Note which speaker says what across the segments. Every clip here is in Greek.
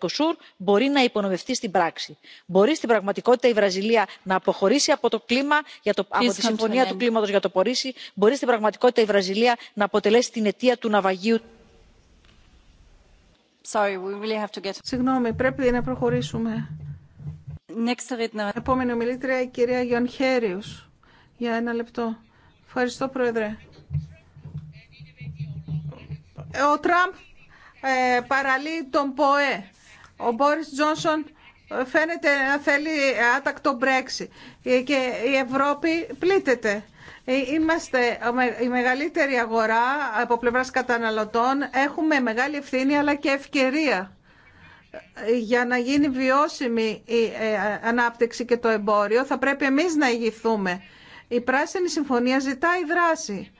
Speaker 1: mercosur μπορεί να υπονομευτεί στην πράξη. μπορεί στην πραγματικότητα η βραζιλία να αποχωρήσει από, το κλίμα, από τη συμφωνία του κλίματος για το πορίσι. μπορεί στην πραγματικότητα η βραζιλία να αποτελέσει την αιτία του ναυαγίου. Sorry, we really have to get...
Speaker 2: Συγγνώμη, πρέπει να προχωρήσουμε. Next... Επόμενη ομιλήτρια, η κυρία Γιον Για ένα λεπτό. Ευχαριστώ, Πρόεδρε. Ε, ο Τραμπ ε, τον ΠΟΕ ο Μπόρις Τζόνσον φαίνεται να θέλει άτακτο Brexit και η Ευρώπη πλήττεται. Ε, είμαστε η μεγαλύτερη αγορά από πλευράς καταναλωτών. Έχουμε μεγάλη ευθύνη αλλά και ευκαιρία ε, για να γίνει βιώσιμη η ε, ανάπτυξη και το εμπόριο θα πρέπει εμείς να ηγηθούμε. Η Πράσινη Συμφωνία ζητάει δράση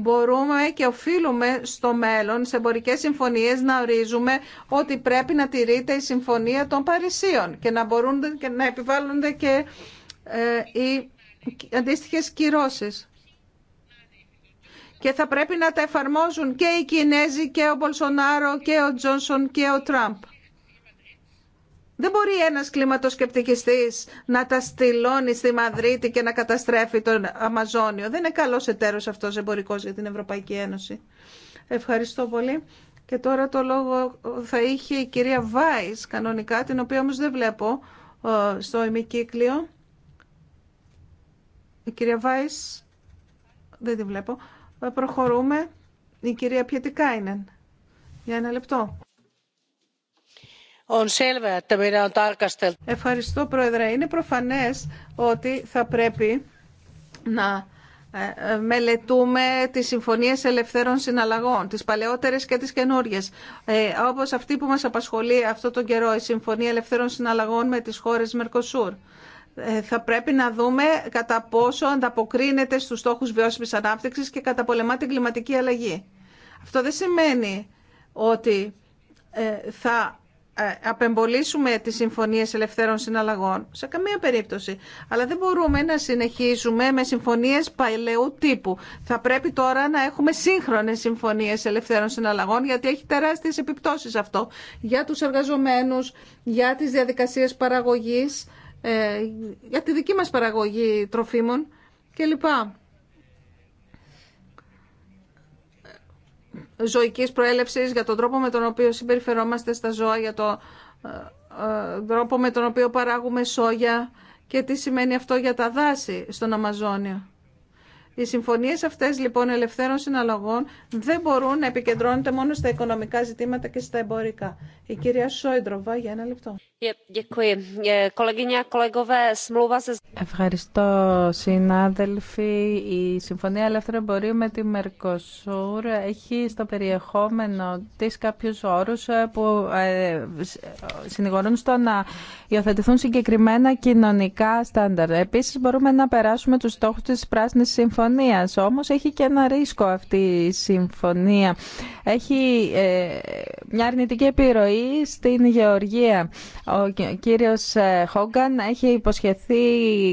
Speaker 2: μπορούμε και οφείλουμε στο μέλλον σε εμπορικέ συμφωνίε, να ορίζουμε ότι πρέπει να τηρείται η Συμφωνία των Παρισίων και να μπορούν και να επιβάλλονται και ε, οι αντίστοιχε κυρώσει. Και θα πρέπει να τα εφαρμόζουν και οι Κινέζοι και ο Μπολσονάρο και ο Τζόνσον και ο Τραμπ. Δεν μπορεί ένας κλιματοσκεπτικιστής να τα στυλώνει στη Μαδρίτη και να καταστρέφει τον Αμαζόνιο. Δεν είναι καλός εταίρος αυτός εμπορικό για την Ευρωπαϊκή Ένωση. Ευχαριστώ πολύ. Και τώρα το λόγο θα είχε η κυρία Βάης κανονικά, την οποία όμως δεν βλέπω ε, στο ημικύκλιο. Η κυρία Βάης, δεν τη βλέπω. Ε, προχωρούμε. Η κυρία Πιετικάινεν. Για ένα λεπτό. Ευχαριστώ, Πρόεδρε. Είναι προφανές ότι θα πρέπει να ε, ε, μελετούμε τις συμφωνίες ελευθέρων συναλλαγών, τις παλαιότερες και τις καινούριες. Ε, όπως αυτή που μας απασχολεί αυτό τον καιρό, η Συμφωνία Ελευθέρων Συναλλαγών με τις χώρες Μερκοσούρ. Ε, θα πρέπει να δούμε κατά πόσο ανταποκρίνεται στους στόχους βιώσιμης ανάπτυξης και καταπολεμά την κλιματική αλλαγή. Αυτό δεν σημαίνει ότι θα ε, απεμπολίσουμε τις συμφωνίες ελευθέρων συναλλαγών. Σε καμία περίπτωση. Αλλά δεν μπορούμε να συνεχίσουμε με συμφωνίες παλαιού τύπου. Θα πρέπει τώρα να έχουμε σύγχρονες συμφωνίες ελευθέρων συναλλαγών γιατί έχει τεράστιες επιπτώσεις αυτό για τους εργαζομένους, για τις διαδικασίες παραγωγής, ε, για τη δική μας παραγωγή τροφίμων κλπ. Ζωική πρόέλευση για τον τρόπο με τον οποίο συμπεριφερόμαστε στα ζώα, για τον ε, ε, τρόπο με τον οποίο παράγουμε σόγια και τι σημαίνει αυτό για τα δάση στον Αμαζόνιο. Οι συμφωνίε αυτέ λοιπόν ελευθέρων συναλλαγών δεν μπορούν να επικεντρώνονται μόνο στα οικονομικά ζητήματα και στα εμπορικά. Η κυρία Σόιντροβα
Speaker 1: για ένα λεπτό. Ευχαριστώ συνάδελφοι. Η Συμφωνία Ελεύθερου Εμπορίου με τη Μερκοσούρ έχει στο περιεχόμενο της κάποιους όρους ε, που ε, συνηγορούν στο να υιοθετηθούν συγκεκριμένα κοινωνικά στάνταρ. Επίσης μπορούμε να περάσουμε τους στόχους της Πράσινης Συμφωνίας. Όμως έχει και ένα ρίσκο αυτή η συμφωνία. Έχει ε, μια αρνητική επιρροή στην γεωργία. Ο κύριος ε, Χόγκαν έχει υποσχεθεί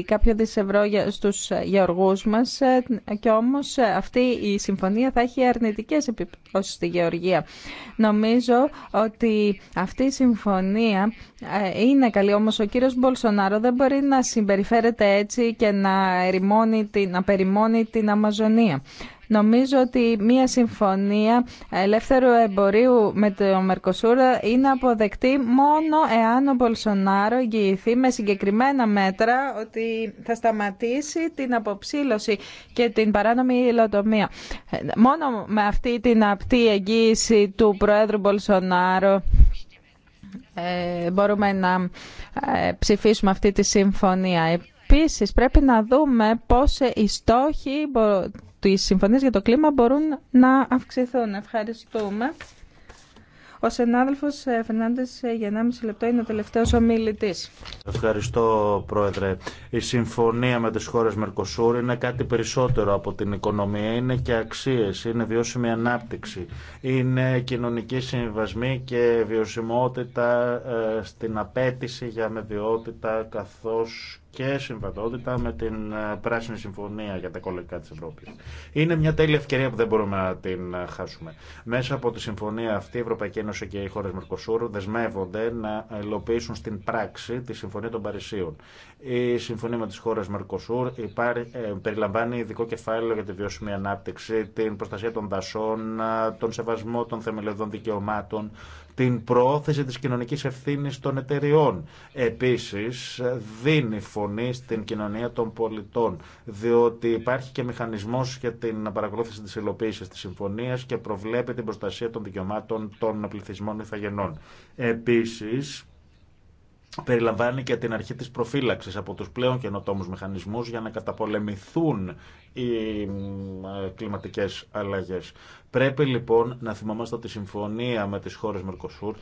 Speaker 1: κάποιο δισευρό στους γεωργούς μας ε, και όμως ε, αυτή η συμφωνία θα έχει αρνητικές επιπτώσεις στη γεωργία. Νομίζω ότι αυτή η συμφωνία είναι καλή, όμως ο κύριος Μπολσονάρο δεν μπορεί να συμπεριφέρεται έτσι και να, ερημώνει, να περιμώνει την Αμαζονία. Νομίζω ότι μια συμφωνία ελεύθερου εμπορίου με το Μερκοσούρ είναι αποδεκτή μόνο εάν ο Μπολσονάρο εγγυηθεί με συγκεκριμένα μέτρα ότι θα σταματήσει την αποψήλωση και την παράνομη υλοτομία. Μόνο με αυτή την απτή εγγύηση του Προέδρου Μπολσονάρο ε, μπορούμε να ε, ψηφίσουμε αυτή τη συμφωνία. Επίσης πρέπει να δούμε πώς οι στόχοι οι συμφωνίες για το κλίμα μπορούν να αυξηθούν. Ευχαριστούμε. Ο συνάδελφο ε, Φερνάντε ε, για 1,5 λεπτό είναι ο τελευταίο ομιλητή.
Speaker 3: Ευχαριστώ, Πρόεδρε. Η συμφωνία με τι χώρε Μερκοσούρ είναι κάτι περισσότερο από την οικονομία. Είναι και αξίε, είναι βιώσιμη ανάπτυξη, είναι κοινωνική συμβασμή και βιωσιμότητα ε, στην απέτηση για αμεβιότητα καθώ και συμβατότητα με την ε, Πράσινη Συμφωνία για τα κολλικά τη Ευρώπη. Είναι μια τέλεια ευκαιρία που δεν μπορούμε να την ε, χάσουμε. Μέσα από τη συμφωνία αυτή, η Ευρωπαϊκή Ένωση και οι χώρε Μερκοσούρ δεσμεύονται να υλοποιήσουν στην πράξη τη Συμφωνία των Παρισίων. Η συμφωνία με τι χώρε Μερκοσούρ ε, περιλαμβάνει ειδικό κεφάλαιο για τη βιώσιμη ανάπτυξη, την προστασία των δασών, τον σεβασμό των θεμελιωδών δικαιωμάτων, την προώθηση της κοινωνικής ευθύνης των εταιριών. Επίσης, δίνει φωνή στην κοινωνία των πολιτών, διότι υπάρχει και μηχανισμός για την παρακολούθηση της υλοποίησης της συμφωνίας και προβλέπει την προστασία των δικαιωμάτων των πληθυσμών ηθαγενών. Επίσης, περιλαμβάνει και την αρχή της προφύλαξης από τους πλέον καινοτόμους μηχανισμούς για να καταπολεμηθούν οι κλιματικές αλλαγές. Πρέπει λοιπόν να θυμόμαστε ότι η συμφωνία με τις χώρες Μερκοσούρ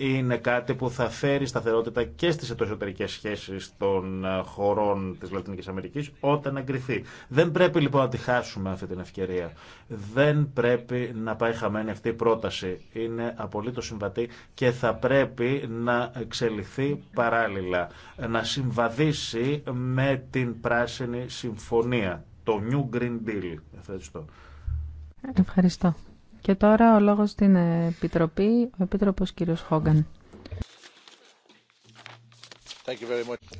Speaker 3: είναι κάτι που θα φέρει σταθερότητα και στις εσωτερικές σχέσεις των ε, χωρών της Λατινικής Αμερικής όταν εγκριθεί. Δεν πρέπει λοιπόν να τη χάσουμε αυτή την ευκαιρία. Δεν πρέπει να πάει χαμένη αυτή η πρόταση. Είναι απολύτως συμβατή και θα πρέπει να εξελιχθεί παράλληλα. Να συμβαδίσει με την Πράσινη Συμφωνία το New Green Deal. Ευχαριστώ.
Speaker 1: Ευχαριστώ. Και τώρα ο λόγος στην Επιτροπή, ο Επίτροπος κ. Χόγκαν.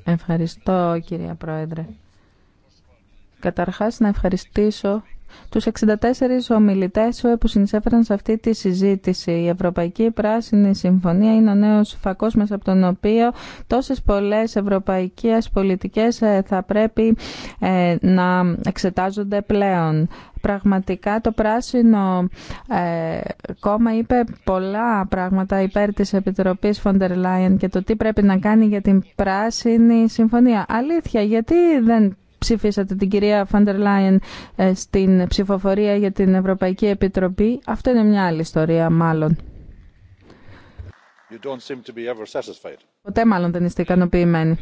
Speaker 1: Ευχαριστώ κυρία Πρόεδρε. Καταρχάς να ευχαριστήσω τους 64 ομιλητές που συνεισέφεραν σε αυτή τη συζήτηση. Η Ευρωπαϊκή Πράσινη Συμφωνία είναι ο νέος φακός μέσα από τον οποίο τόσες πολλές ευρωπαϊκές πολιτικές ε, θα πρέπει ε, να εξετάζονται πλέον. Πραγματικά το Πράσινο ε, Κόμμα είπε πολλά πράγματα υπέρ της Επιτροπής Φοντερ Λάιεν και το τι πρέπει να κάνει για την Πράσινη Συμφωνία. Αλήθεια, γιατί δεν ψηφίσατε την κυρία Φαντερ Λάιεν στην ψηφοφορία για την Ευρωπαϊκή Επιτροπή. Αυτό είναι μια άλλη ιστορία μάλλον. Ποτέ μάλλον δεν είστε ικανοποιημένοι.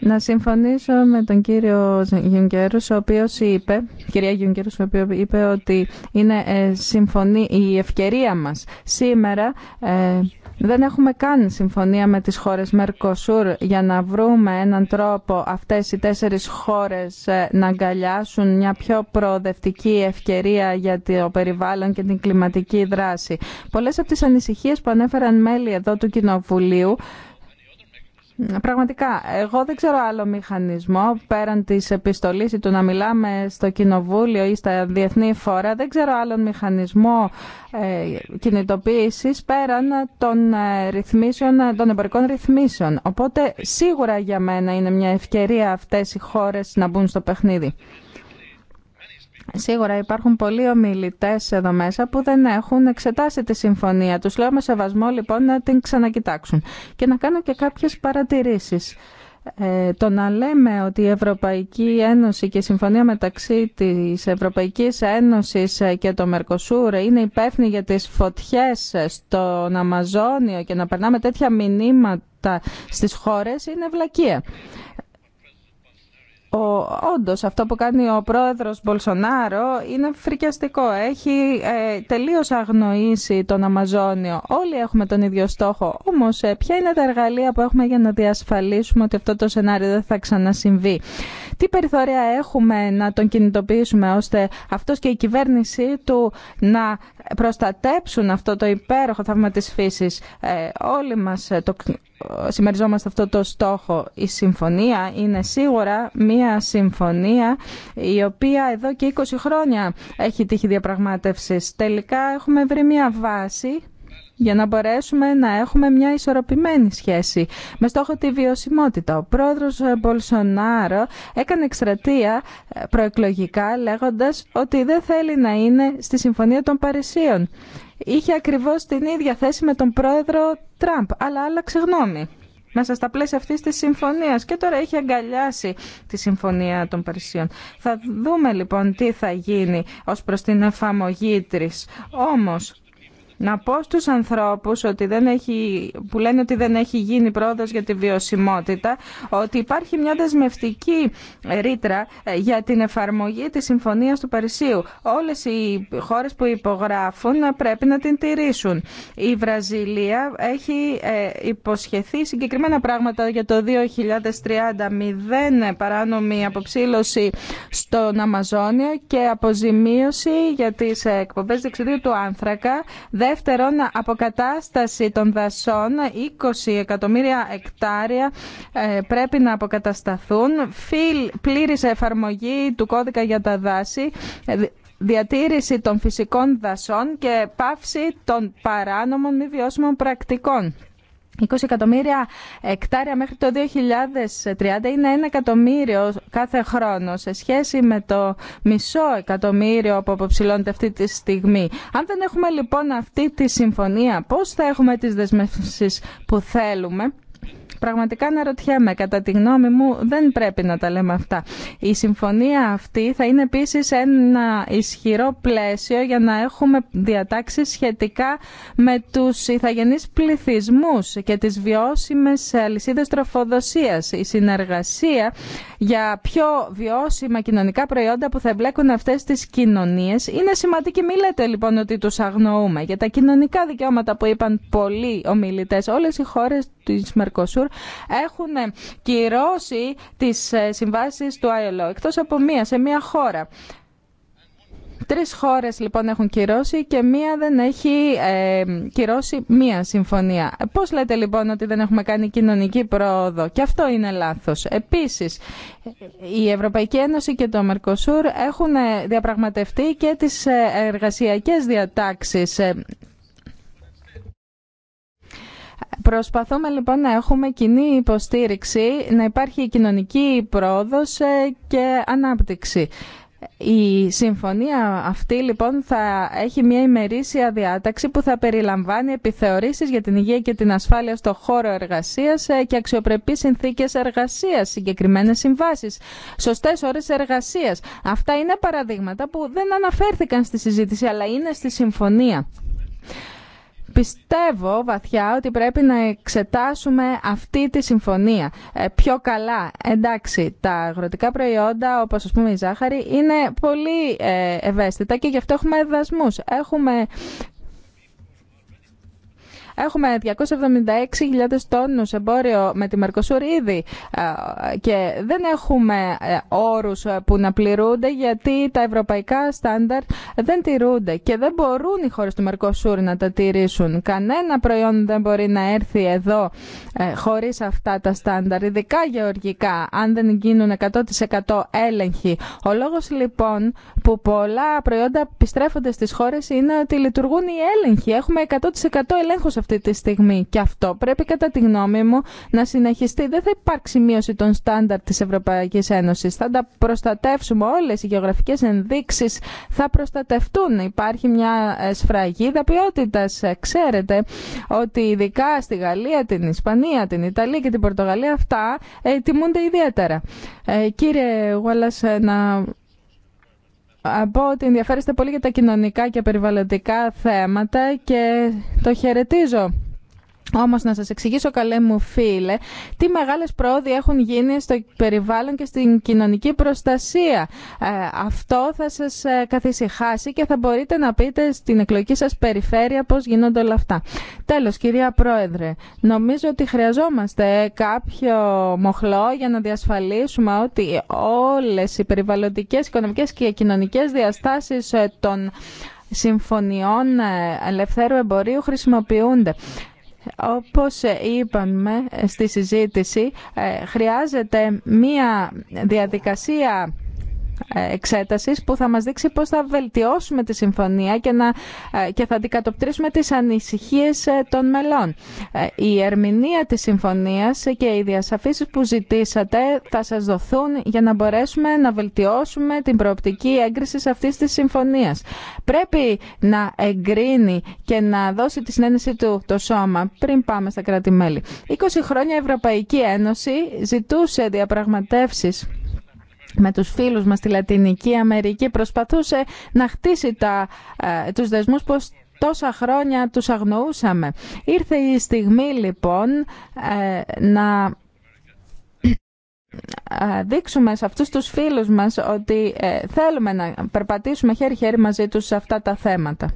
Speaker 1: Να συμφωνήσω με τον κύριο Γιουγκέρους, ο οποίος είπε, κυρία Γιουγκέρους, ο οποίος είπε ότι είναι ε, συμφωνή η ευκαιρία μας σήμερα ε, δεν έχουμε καν συμφωνία με τις χώρες Μερκοσούρ για να βρούμε έναν τρόπο αυτές οι τέσσερις χώρες ε, να αγκαλιάσουν μια πιο προοδευτική ευκαιρία για το περιβάλλον και την κλιματική δράση. Πολλές από τις ανησυχίες που ανέφεραν μέλη εδώ του Κοινοβουλίου Πραγματικά, εγώ δεν ξέρω άλλο μηχανισμό πέραν της επιστολής ή του να μιλάμε στο κοινοβούλιο ή στα διεθνή φόρα. Δεν ξέρω άλλον μηχανισμό ε, κινητοποίηση πέραν των, ε, ρυθμίσεων, των εμπορικών ρυθμίσεων. Οπότε σίγουρα για μένα είναι μια ευκαιρία αυτέ οι χώρε να μπουν στο παιχνίδι. Σίγουρα υπάρχουν πολλοί ομιλητέ εδώ μέσα που δεν έχουν εξετάσει τη συμφωνία. Του λέω με σεβασμό λοιπόν να την ξανακοιτάξουν και να κάνω και κάποιε παρατηρήσει. Ε, το να λέμε ότι η Ευρωπαϊκή Ένωση και η συμφωνία μεταξύ της Ευρωπαϊκής Ένωσης και το Μερκοσούρ είναι υπεύθυνη για τις φωτιές στον Αμαζόνιο και να περνάμε τέτοια μηνύματα στις χώρες είναι βλακεία ο, όντως αυτό που κάνει ο πρόεδρος Μπολσονάρο είναι φρικιαστικό. Έχει ε, τελείως αγνοήσει τον Αμαζόνιο. Όλοι έχουμε τον ίδιο στόχο. Όμως ε, ποια είναι τα εργαλεία που έχουμε για να διασφαλίσουμε ότι αυτό το σενάριο δεν θα ξανασυμβεί. Τι περιθώρια έχουμε να τον κινητοποιήσουμε ώστε αυτός και η κυβέρνησή του να προστατέψουν αυτό το υπέροχο θαύμα της φύσης. Ε, όλοι μας ε, το, συμμεριζόμαστε αυτό το στόχο. Η συμφωνία είναι σίγουρα μία συμφωνία η οποία εδώ και 20 χρόνια έχει τύχει διαπραγμάτευσης. Τελικά έχουμε βρει μία βάση για να μπορέσουμε να έχουμε μια ισορροπημένη σχέση με στόχο τη βιωσιμότητα. Ο πρόεδρος ε, Μπολσονάρο έκανε εκστρατεία ε, προεκλογικά λέγοντας ότι δεν θέλει να είναι στη Συμφωνία των Παρισίων. Είχε ακριβώς την ίδια θέση με τον πρόεδρο Τραμπ, αλλά άλλαξε γνώμη μέσα στα πλαίσια αυτή τη συμφωνία. Και τώρα έχει αγκαλιάσει τη συμφωνία των Παρισιών. Θα δούμε λοιπόν τι θα γίνει ως προς την εφαρμογή όμως να πω στους ανθρώπους που λένε ότι δεν έχει γίνει πρόοδος για τη βιωσιμότητα, ότι υπάρχει μια δεσμευτική ρήτρα ε, για την εφαρμογή της Συμφωνίας του Παρισίου. Όλες οι χώρες που υπογράφουν ε, πρέπει να την τηρήσουν. Η Βραζιλία έχει ε, υποσχεθεί συγκεκριμένα πράγματα για το 2030. Μηδέν παράνομη αποψήλωση στον Αμαζόνιο και αποζημίωση για τις εκπομπές δεξιδίου του άνθρακα. Δεύτερον, αποκατάσταση των δασών, 20 εκατομμύρια εκτάρια ε, πρέπει να αποκατασταθούν. Πλήρης εφαρμογή του κώδικα για τα δάση, ε, διατήρηση των φυσικών δασών και πάυση των παράνομων μη βιώσιμων πρακτικών. 20 εκατομμύρια εκτάρια μέχρι το 2030 είναι ένα εκατομμύριο κάθε χρόνο σε σχέση με το μισό εκατομμύριο που αποψηλώνεται αυτή τη στιγμή. Αν δεν έχουμε λοιπόν αυτή τη συμφωνία, πώς θα έχουμε τις δεσμεύσεις που θέλουμε Πραγματικά αναρωτιέμαι, κατά τη γνώμη μου δεν πρέπει να τα λέμε αυτά. Η συμφωνία αυτή θα είναι επίσης ένα ισχυρό πλαίσιο για να έχουμε διατάξεις σχετικά με τους ηθαγενείς πληθυσμούς και τις βιώσιμες αλυσίδε τροφοδοσίας. Η συνεργασία για πιο βιώσιμα κοινωνικά προϊόντα που θα εμπλέκουν αυτές τις κοινωνίες είναι σημαντική. Μην λέτε λοιπόν ότι τους αγνοούμε. Για τα κοινωνικά δικαιώματα που είπαν πολλοί ομιλητές, όλες οι χώρες της Μερκοσούρ έχουν ε, κυρώσει τις ε, συμβάσεις του ΆΕΛΟ. εκτός από μία, σε μία χώρα. Τρεις χώρες λοιπόν έχουν κυρώσει και μία δεν έχει ε, κυρώσει μία συμφωνία. Πώς λέτε λοιπόν ότι δεν έχουμε κάνει κοινωνική πρόοδο και αυτό είναι λάθος. Επίσης η Ευρωπαϊκή Ένωση και το Μερκοσούρ έχουν ε, διαπραγματευτεί και τις εργασιακές διατάξεις Προσπαθούμε λοιπόν να έχουμε κοινή υποστήριξη, να υπάρχει κοινωνική πρόοδος ε, και ανάπτυξη. Η συμφωνία αυτή λοιπόν θα έχει μια ημερήσια διάταξη που θα περιλαμβάνει επιθεωρήσεις για την υγεία και την ασφάλεια στο χώρο εργασίας ε, και αξιοπρεπείς συνθήκες εργασίας, συγκεκριμένες συμβάσεις, σωστές ώρες εργασίας. Αυτά είναι παραδείγματα που δεν αναφέρθηκαν στη συζήτηση αλλά είναι στη συμφωνία. Πιστεύω βαθιά ότι πρέπει να εξετάσουμε αυτή τη συμφωνία ε, πιο καλά. Εντάξει, τα αγροτικά προϊόντα, όπως α πούμε η ζάχαρη, είναι πολύ ε, ευαίσθητα και γι' αυτό έχουμε δασμούς. Έχουμε Έχουμε 276.000 τόνους εμπόριο με τη Μερκοσούρ ήδη ε, και δεν έχουμε ε, όρους ε, που να πληρούνται γιατί τα ευρωπαϊκά στάνταρ δεν τηρούνται και δεν μπορούν οι χώρε του Μερκοσούρ να τα τηρήσουν. Κανένα προϊόν δεν μπορεί να έρθει εδώ χωρίς αυτά τα στάνταρ, ειδικά γεωργικά, αν δεν γίνουν 100% έλεγχοι. Ο λόγος λοιπόν που πολλά προϊόντα επιστρέφονται στι χώρε είναι ότι λειτουργούν οι έλεγχοι. Έχουμε 100% ελέγχους τη στιγμή. Και αυτό πρέπει κατά τη γνώμη μου να συνεχιστεί. Δεν θα υπάρξει μείωση των στάνταρ της Ευρωπαϊκής Ένωσης. Θα τα προστατεύσουμε όλες οι γεωγραφικές ενδείξεις. Θα προστατευτούν. Υπάρχει μια ε, σφραγίδα ποιότητας. Ε, ξέρετε ότι ειδικά στη Γαλλία, την Ισπανία, την Ιταλία και την Πορτογαλία αυτά ε, τιμούνται ιδιαίτερα. κύριε Γουάλλας, να από ότι ενδιαφέρεστε πολύ για τα κοινωνικά και περιβαλλοντικά θέματα και το χαιρετίζω. Όμω, να σας εξηγήσω καλέ μου φίλε, τι μεγάλες πρόοδοι έχουν γίνει στο περιβάλλον και στην κοινωνική προστασία. Ε, αυτό θα σας ε, καθησυχάσει και θα μπορείτε να πείτε στην εκλογική σας περιφέρεια πώς γίνονται όλα αυτά. Τέλος, κυρία Πρόεδρε, νομίζω ότι χρειαζόμαστε κάποιο μοχλό για να διασφαλίσουμε ότι όλες οι περιβαλλοντικέ οικονομικέ και κοινωνικές διαστάσεις ε, των συμφωνιών ελευθέρου εμπορίου χρησιμοποιούνται. Όπως είπαμε στη συζήτηση, ε, χρειάζεται μία διαδικασία ε, εξέτασης που θα μας δείξει πώς θα βελτιώσουμε τη συμφωνία και, να, ε, και θα αντικατοπτρίσουμε τις ανησυχίες ε, των μελών. Η ερμηνεία της συμφωνίας και οι διασαφήσεις που ζητήσατε θα σας δοθούν για να μπορέσουμε να βελτιώσουμε την προοπτική έγκριση αυτής της συμφωνίας. Πρέπει να εγκρίνει και να δώσει τη συνένεση του το σώμα πριν πάμε στα κράτη-μέλη. 20 χρόνια η Ευρωπαϊκή Ένωση ζητούσε διαπραγματεύσεις με τους φίλους μας στη Λατινική Αμερική προσπαθούσε να χτίσει τα, ε, τους δεσμούς που τόσα χρόνια τους αγνοούσαμε. Ήρθε η στιγμή λοιπόν ε, να ε, δείξουμε σε αυτούς τους φίλους μας ότι θέλουμε να περπατήσουμε χέρι-χέρι μαζί τους σε αυτά τα θέματα.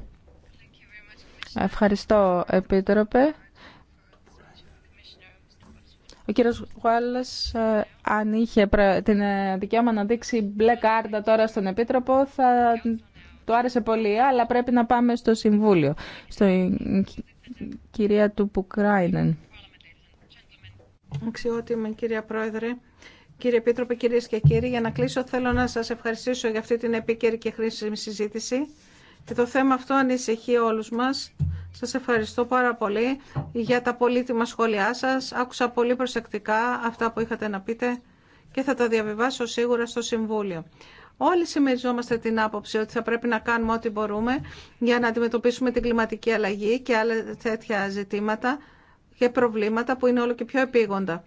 Speaker 1: Ευχαριστώ Επίτροπε κύριο Γουάλλας, ε, αν είχε την ε, δικαίωμα να δείξει μπλε κάρτα τώρα στον Επίτροπο, θα του άρεσε πολύ, αλλά πρέπει να πάμε στο Συμβούλιο, στο κυρία του Πουκράινεν.
Speaker 2: Αξιότιμη κυρία Πρόεδρε, κύριε Επίτροπε, κυρίες και κύριοι, για να κλείσω θέλω να σας ευχαριστήσω για αυτή την επίκαιρη και χρήσιμη συζήτηση. Και το θέμα αυτό ανησυχεί όλου μα. Σας ευχαριστώ πάρα πολύ για τα πολύτιμα σχόλιά σας. Άκουσα πολύ προσεκτικά αυτά που είχατε να πείτε και θα τα διαβιβάσω σίγουρα στο Συμβούλιο. Όλοι συμμεριζόμαστε την άποψη ότι θα πρέπει να κάνουμε ό,τι μπορούμε για να αντιμετωπίσουμε την κλιματική αλλαγή και άλλα τέτοια ζητήματα και προβλήματα που είναι όλο και πιο επίγοντα.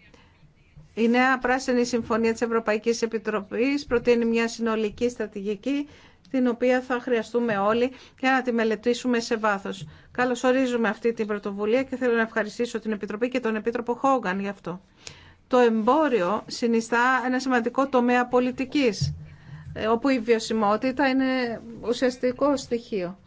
Speaker 2: Η νέα πράσινη συμφωνία της Ευρωπαϊκής Επιτροπής προτείνει μια συνολική στρατηγική την οποία θα χρειαστούμε όλοι για να τη μελετήσουμε σε βάθος. Καλώς ορίζουμε αυτή την πρωτοβουλία και θέλω να ευχαριστήσω την Επιτροπή και τον Επίτροπο Χόγκαν γι' αυτό. Το εμπόριο συνιστά ένα σημαντικό τομέα πολιτικής, ε, όπου η βιωσιμότητα είναι ουσιαστικό στοιχείο.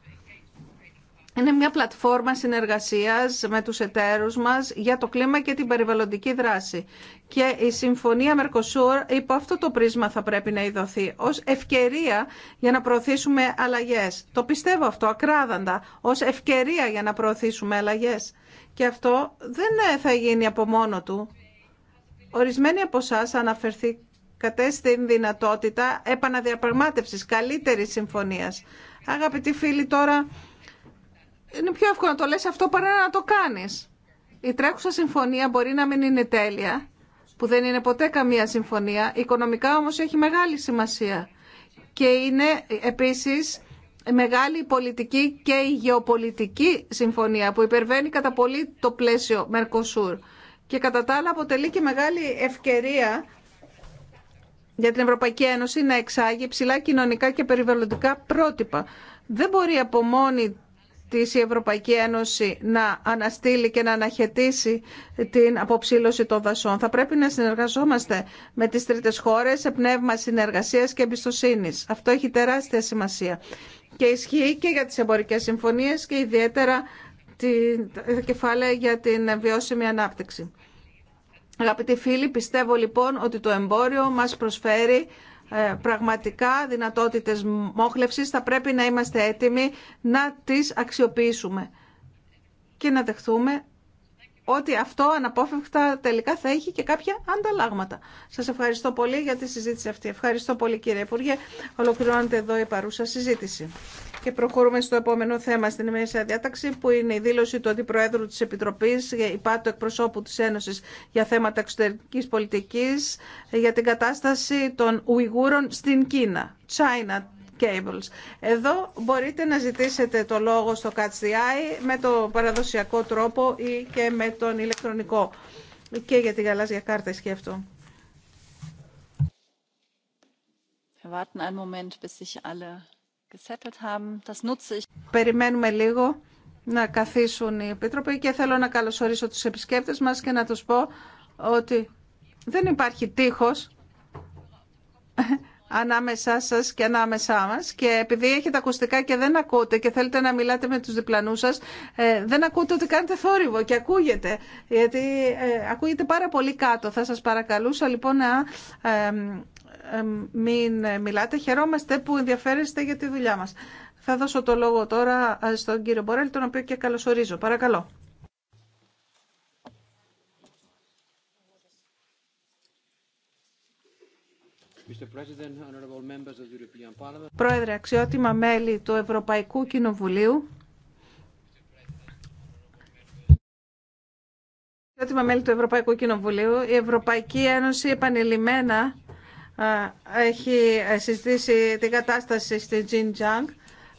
Speaker 2: Είναι μια πλατφόρμα συνεργασίας με τους εταίρους μας για το κλίμα και την περιβαλλοντική δράση και η Συμφωνία Μερκοσούρ υπό αυτό το πρίσμα θα πρέπει να ειδωθεί ως ευκαιρία για να προωθήσουμε αλλαγές. Το πιστεύω αυτό ακράδαντα, ως ευκαιρία για να προωθήσουμε αλλαγές. Και αυτό δεν θα γίνει από μόνο του. Ορισμένοι από εσά αναφερθήκατε στην δυνατότητα επαναδιαπραγμάτευσης, καλύτερης συμφωνίας. Αγαπητοί φίλοι, τώρα είναι πιο εύκολο να το λες αυτό παρά να το κάνεις. Η τρέχουσα συμφωνία μπορεί να μην είναι τέλεια, που δεν είναι ποτέ καμία συμφωνία. Οικονομικά όμως έχει μεγάλη σημασία και είναι επίσης μεγάλη πολιτική και η γεωπολιτική συμφωνία που υπερβαίνει κατά πολύ το πλαίσιο Μερκοσούρ και κατά τα άλλα αποτελεί και μεγάλη ευκαιρία για την Ευρωπαϊκή Ένωση να εξάγει ψηλά κοινωνικά και περιβαλλοντικά πρότυπα. Δεν μπορεί από μόνη της η Ευρωπαϊκή Ένωση να αναστείλει και να αναχαιτήσει την αποψήλωση των δασών. Θα πρέπει να συνεργαζόμαστε με τις τρίτες χώρες σε πνεύμα συνεργασίας και εμπιστοσύνης. Αυτό έχει τεράστια σημασία. Και ισχύει και για τις εμπορικές συμφωνίες και ιδιαίτερα τα κεφάλαια για την βιώσιμη ανάπτυξη. Αγαπητοί φίλοι, πιστεύω λοιπόν ότι το εμπόριο μας προσφέρει ε, πραγματικά δυνατότητες μόχλευσης θα πρέπει να είμαστε έτοιμοι να τις αξιοποιήσουμε και να δεχθούμε ότι αυτό αναπόφευκτα τελικά θα έχει και κάποια ανταλλάγματα. Σας ευχαριστώ πολύ για τη συζήτηση αυτή. Ευχαριστώ πολύ κύριε Υπουργέ. Ολοκληρώνεται εδώ η παρούσα συζήτηση. Και προχωρούμε στο επόμενο θέμα στην ημερήσια διάταξη που είναι η δήλωση του Αντιπροέδρου της Επιτροπής υπάτου εκπροσώπου της Ένωσης για θέματα εξωτερικής πολιτικής για την κατάσταση των Ουιγούρων στην Κίνα. China εδώ μπορείτε να ζητήσετε το λόγο στο Catch the Eye με το παραδοσιακό τρόπο ή και με τον ηλεκτρονικό. Και για τη γαλάζια κάρτα ισχύει Περιμένουμε λίγο να καθίσουν οι επίτροποι και θέλω να καλωσορίσω τους επισκέπτες μας και να τους πω ότι δεν υπάρχει τείχος ανάμεσά σας και ανάμεσά μας και επειδή έχετε ακουστικά και δεν ακούτε και θέλετε να μιλάτε με τους διπλανούς σας ε, δεν ακούτε ότι κάνετε θόρυβο και ακούγεται γιατί ε, ακούγεται πάρα πολύ κάτω. Θα σας παρακαλούσα λοιπόν να μην μιλάτε. Χαιρόμαστε που ενδιαφέρεστε για τη δουλειά μας. Θα δώσω το λόγο τώρα ε, στον κύριο Μπορέλη τον οποίο και καλωσορίζω. Παρακαλώ. Πρόεδρε, αξιότιμα μέλη του Ευρωπαϊκού Κοινοβουλίου, αξιότιμα μέλη του Ευρωπαϊκού Κοινοβουλίου, η Ευρωπαϊκή Ένωση επανειλημμένα έχει συζητήσει την κατάσταση στην Τζιν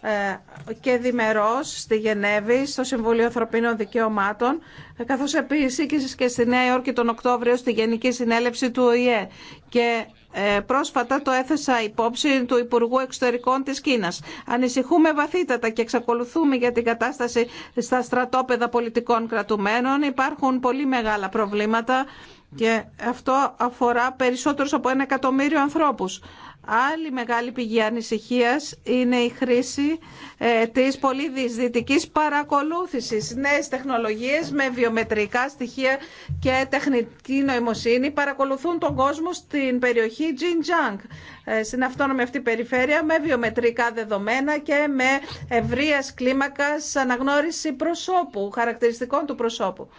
Speaker 2: ε, και διμερός στη Γενέβη, στο Συμβούλιο Ανθρωπίνων Δικαιωμάτων, καθώς επίσης και στη Νέα Υόρκη τον Οκτώβριο στη Γενική Συνέλευση του ΟΗΕ. Και ε, πρόσφατα το έθεσα υπόψη του Υπουργού Εξωτερικών της Κίνας. Ανησυχούμε βαθύτατα και εξακολουθούμε για την κατάσταση στα στρατόπεδα πολιτικών κρατουμένων. Υπάρχουν πολύ μεγάλα προβλήματα και αυτό αφορά περισσότερους από ένα εκατομμύριο ανθρώπους. Άλλη μεγάλη πηγή ανησυχία είναι η χρήση ε, της πολύ δυσδυτική παρακολούθησης. Νέες τεχνολογίες με βιομετρικά στοιχεία και τεχνητή νοημοσύνη παρακολουθούν τον κόσμο στην περιοχή Xinjiang, ε, στην αυτόνομη αυτή περιφέρεια, με βιομετρικά δεδομένα και με ευρεία κλίμακας αναγνώριση προσώπου, χαρακτηριστικών του προσώπου.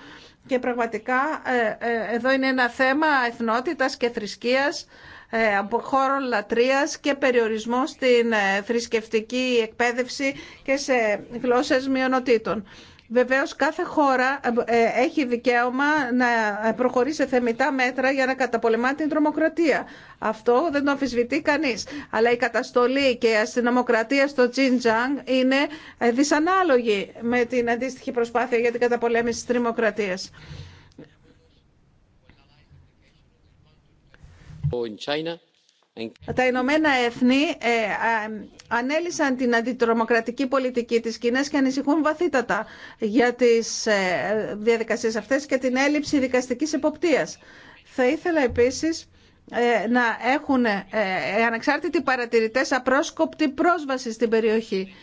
Speaker 2: Και πραγματικά ε, εδώ είναι ένα θέμα εθνότητα και θρησκείας ε, από χώρο λατρείας και περιορισμό στην ε, θρησκευτική εκπαίδευση και σε γλώσσες μειονοτήτων. Βεβαίως κάθε χώρα ε, έχει δικαίωμα να προχωρεί σε θεμητά μέτρα για να καταπολεμά την τρομοκρατία. Αυτό δεν το αμφισβητεί κανείς. Αλλά η καταστολή και η αστυνομοκρατία στο Τζιντζάνγκ είναι δυσανάλογη με την αντίστοιχη προσπάθεια για την καταπολέμηση της τρομοκρατίας. Τα Ηνωμένα Έθνη ε, ε, ανέλησαν την αντιτρομοκρατική πολιτική της Κίνας και ανησυχούν βαθύτατα για τις ε, διαδικασίες αυτές και την έλλειψη δικαστικής εποπτείας. Θα ήθελα επίσης ε, να έχουν ανεξάρτητοι παρατηρητές απρόσκοπτη πρόσβαση στην περιοχή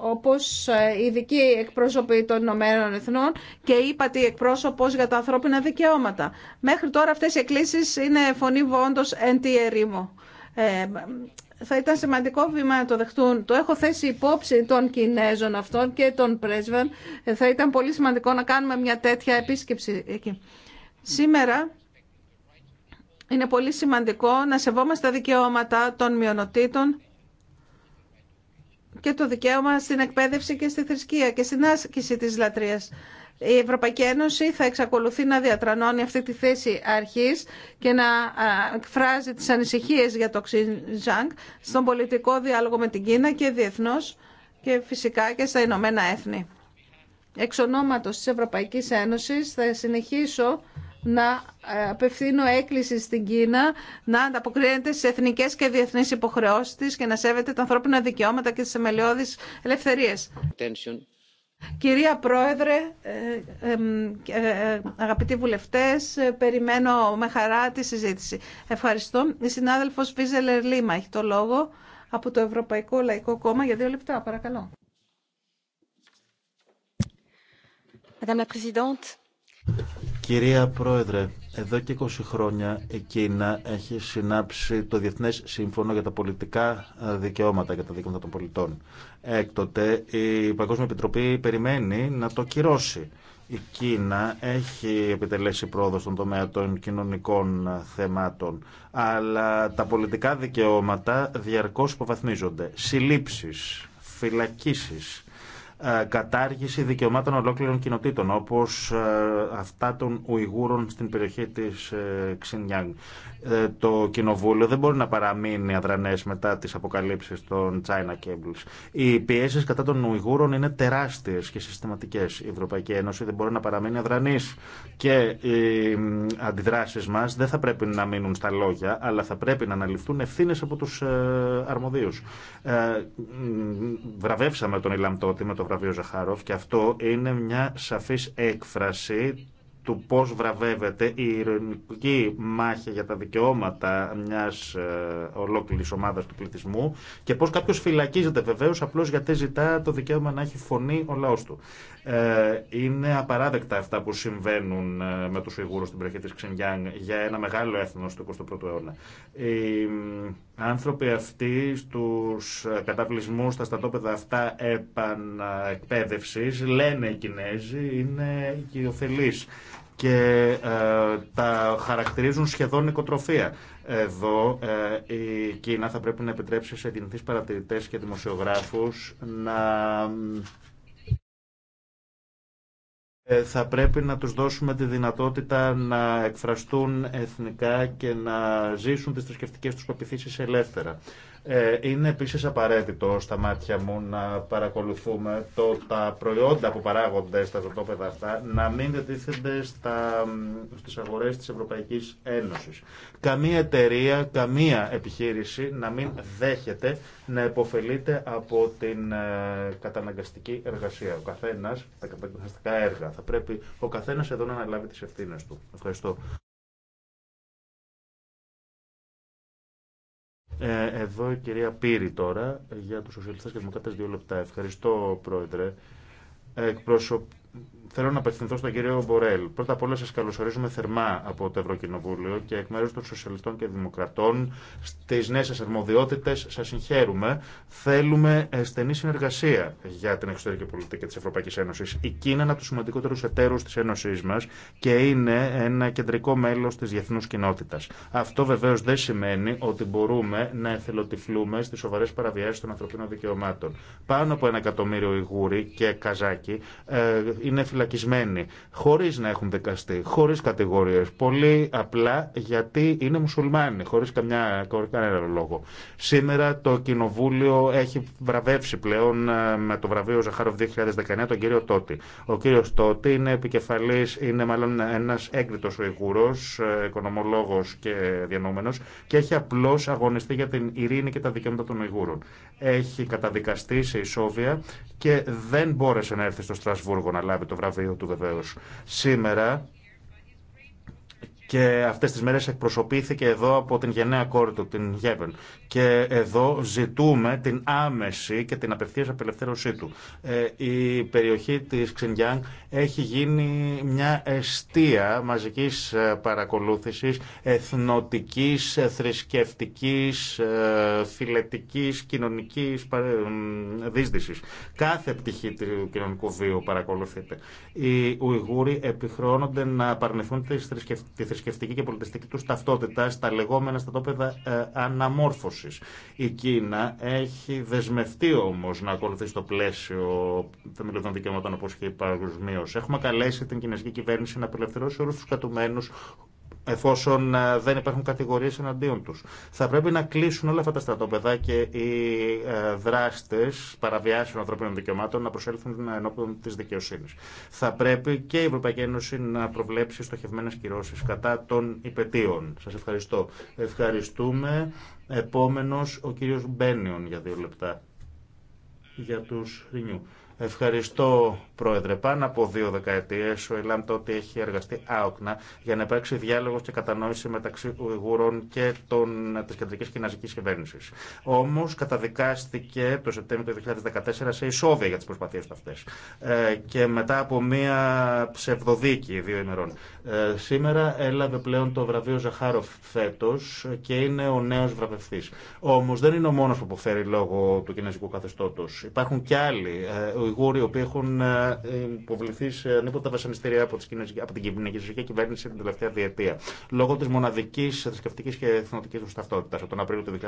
Speaker 2: όπως η ε, ειδική εκπρόσωποι των Ηνωμένων Εθνών και η ύπατη εκπρόσωπος για τα ανθρώπινα δικαιώματα. Μέχρι τώρα αυτές οι εκκλήσεις είναι φωνή βόντος εν τη ερήμο. Ε, θα ήταν σημαντικό βήμα να το δεχτούν. Το έχω θέσει υπόψη των Κινέζων αυτών και των πρέσβων. Ε, θα ήταν πολύ σημαντικό να κάνουμε μια τέτοια επίσκεψη εκεί. Σήμερα είναι πολύ σημαντικό να σεβόμαστε τα δικαιώματα των μειονοτήτων και το δικαίωμα στην εκπαίδευση και στη θρησκεία και στην άσκηση της λατρείας. Η Ευρωπαϊκή Ένωση θα εξακολουθεί να διατρανώνει αυτή τη θέση αρχής και να εκφράζει τις ανησυχίες για το Xinjiang στον πολιτικό διάλογο με την Κίνα και διεθνώς και φυσικά και στα Ηνωμένα Έθνη. Εξ ονόματος της Ευρωπαϊκής Ένωσης θα συνεχίσω να ε, απευθύνω έκκληση στην Κίνα να ανταποκρίνεται στι εθνικέ και διεθνεί υποχρεώσει τη και να σέβεται τα ανθρώπινα δικαιώματα και τι θεμελιώδει ελευθερίε. Κυρία Πρόεδρε, ε, ε, αγαπητοί βουλευτές, περιμένω με χαρά τη συζήτηση. Ευχαριστώ. Η συνάδελφος Βίζελερ Λίμα έχει το λόγο από το Ευρωπαϊκό Λαϊκό Κόμμα για δύο λεπτά. Παρακαλώ.
Speaker 3: Κυρία Πρόεδρε, εδώ και 20 χρόνια η Κίνα έχει συνάψει το Διεθνές Σύμφωνο για τα πολιτικά δικαιώματα για τα δικαιώματα των πολιτών. Έκτοτε η Παγκόσμια Επιτροπή περιμένει να το κυρώσει. Η Κίνα έχει επιτελέσει πρόοδο στον τομέα των κοινωνικών θεμάτων, αλλά τα πολιτικά δικαιώματα διαρκώς υποβαθμίζονται. Συλλήψεις, φυλακίσεις, ε, κατάργηση δικαιωμάτων ολόκληρων κοινοτήτων, όπως ε, αυτά των Ουιγούρων στην περιοχή της ε, Ξινιάνγκ. Το κοινοβούλιο δεν μπορεί να παραμείνει αδρανές μετά τις αποκαλύψεις των China Cables. Οι πιέσεις κατά των Ουιγούρων είναι τεράστιες και συστηματικές. Η Ευρωπαϊκή Ένωση δεν μπορεί να παραμείνει αδρανής και οι αντιδράσεις μας δεν θα πρέπει να μείνουν στα λόγια, αλλά θα πρέπει να αναλυφθούν ευθύνε από τους αρμοδίους. Βραβεύσαμε τον τότε με το βραβείο Ζαχάροφ και αυτό είναι μια σαφής έκφραση του πώς βραβεύεται η ειρηνική μάχη για τα δικαιώματα μιας ε, ολόκληρης ομάδας του πληθυσμού και πώς κάποιος φυλακίζεται βεβαίως απλώς γιατί ζητά το δικαίωμα να έχει φωνή ο λαός του. Ε, είναι απαράδεκτα αυτά που συμβαίνουν ε, με τους Ιγούρους στην περιοχή της Ξενγιάνγκ για ένα μεγάλο έθνος του 21ου αιώνα. Οι άνθρωποι αυτοί στους ε, καταπλησμούς, στα στατόπεδα αυτά επανεκπαίδευσης, λένε οι Κινέζοι, είναι οικειοθελείς και τα χαρακτηρίζουν σχεδόν οικοτροφία. Εδώ ε, η Κίνα θα πρέπει να επιτρέψει σε δυνητής παρατηρητές και δημοσιογράφους να ε, θα πρέπει να τους δώσουμε τη δυνατότητα να εκφραστούν εθνικά και να ζήσουν τις θρησκευτικέ τους πεπιθήσεις ελεύθερα. Ε, είναι επίσης απαραίτητο στα μάτια μου να παρακολουθούμε το, τα προϊόντα που παράγονται στα ζωτόπεδα αυτά να μην διατίθενται στα, στις αγορές της Ευρωπαϊκής Ένωσης. Καμία εταιρεία, καμία επιχείρηση να μην δέχεται να υποφελείται από την ε, καταναγκαστική εργασία. Ο καθένας, τα καταναγκαστικά έργα. Θα πρέπει ο καθένας εδώ να αναλάβει τις ευθύνες του. Ευχαριστώ. Ε, εδώ η κυρία Πύρη τώρα για τους σοσιαλιστές και δημοκράτες δύο λεπτά. Ευχαριστώ πρόεδρε. Θέλω να απευθυνθώ στον κύριο Μπορέλ. Πρώτα απ' όλα σα καλωσορίζουμε θερμά από το Ευρωκοινοβούλιο και εκ μέρου των Σοσιαλιστών και Δημοκρατών στι νέε σα αρμοδιότητε σα συγχαίρουμε. Θέλουμε στενή συνεργασία για την εξωτερική πολιτική τη Ευρωπαϊκή Ένωση. Η Κίνα είναι ένα από του σημαντικότερου εταίρου τη Ένωσή μα και είναι ένα κεντρικό μέλο τη διεθνού κοινότητα. Αυτό βεβαίω δεν σημαίνει ότι μπορούμε να εθελοτυφλούμε στι σοβαρέ παραβιάσει των ανθρωπίνων δικαιωμάτων. Πάνω από ένα εκατομμύριο Ιγούροι και καζάκι. Ε, είναι φυλακισμένοι Χωρί να έχουν δικαστεί, χωρί κατηγορίε. πολύ απλά γιατί είναι μουσουλμάνοι, χωρί κανένα λόγο. Σήμερα το Κοινοβούλιο έχει βραβεύσει πλέον ε, με το βραβείο Ζαχάροφ 2019 τον κύριο Τότι. Ο κύριο Τότι είναι επικεφαλή, είναι μάλλον ένα έγκριτο οικούρο, ε, οικονομολόγο και διανόμενο, και έχει απλώ αγωνιστεί για την ειρήνη και τα δικαιώματα των Ουγγούρων. Έχει καταδικαστεί σε ισόβια και δεν μπόρεσε να έρθει στο Στρασβούργο να αναλάβει το βραβείο του βεβαίω. Σήμερα και αυτές τις μέρες εκπροσωπήθηκε εδώ από την γενναία κόρη του, την Γέβεν. Και εδώ ζητούμε την άμεση και την απευθείας απελευθέρωσή του. Ε, η περιοχή της Ξενγιάνγκ έχει γίνει μια αιστεία μαζικής ε, παρακολούθησης εθνοτική ε, θρησκευτική φιλετικής, κοινωνική δίσδυση. Κάθε πτυχή του κοινωνικού βίου παρακολουθείται. Οι Ουιγούροι επιχρόνονται να παρνηθούν τη θρησκευτική σκεφτική και πολιτιστική του ταυτότητα στα λεγόμενα στατόπεδα ε, αναμόρφωση. Η Κίνα έχει δεσμευτεί όμω να ακολουθεί στο πλαίσιο θεμελιωδών δικαιωμάτων όπω και παγκοσμίω. Έχουμε καλέσει την κινέζικη κυβέρνηση να απελευθερώσει όλου του κατουμένου εφόσον ε, δεν υπάρχουν κατηγορίες εναντίον τους. Θα πρέπει να κλείσουν όλα αυτά τα στρατόπεδα και οι ε, δράστες παραβιάσεων ανθρωπίνων δικαιωμάτων να προσέλθουν ε, ενώπιον της δικαιοσύνης. Θα πρέπει και η Ευρωπαϊκή Ένωση να προβλέψει στοχευμένες κυρώσεις κατά των υπετίων. Σας ευχαριστώ. Ευχαριστούμε. Επόμενος ο κύριος Μπένιον για δύο λεπτά για τους Ρινιού. Ευχαριστώ Πρόεδρε, πάνω από δύο δεκαετίε ο Ιλάν τότε έχει εργαστεί άοκνα για να υπάρξει διάλογο και κατανόηση μεταξύ Ουιγούρων και τη κεντρική κοιναζική κυβέρνηση. Όμω καταδικάστηκε το Σεπτέμβριο του 2014 σε ισόβια για τι προσπαθίε αυτέ. Ε, και μετά από μία ψευδοδίκη δύο ημερών. Ε, σήμερα έλαβε πλέον το βραβείο Ζαχάροφ φέτο και είναι ο νέο βραβευτή. Όμω δεν είναι ο μόνο που αποφέρει λόγω του κινέζικου καθεστώτο. Υπάρχουν και άλλοι, ε, Ουιγούροι, οι έχουν ε, υποβληθεί σε ανίποτα βασανιστήρια από, από την κοινωνική κυβέρνηση την τελευταία διετία. Λόγω τη μοναδική θρησκευτική και εθνοτική του ταυτότητα. Από τον Απρίλιο του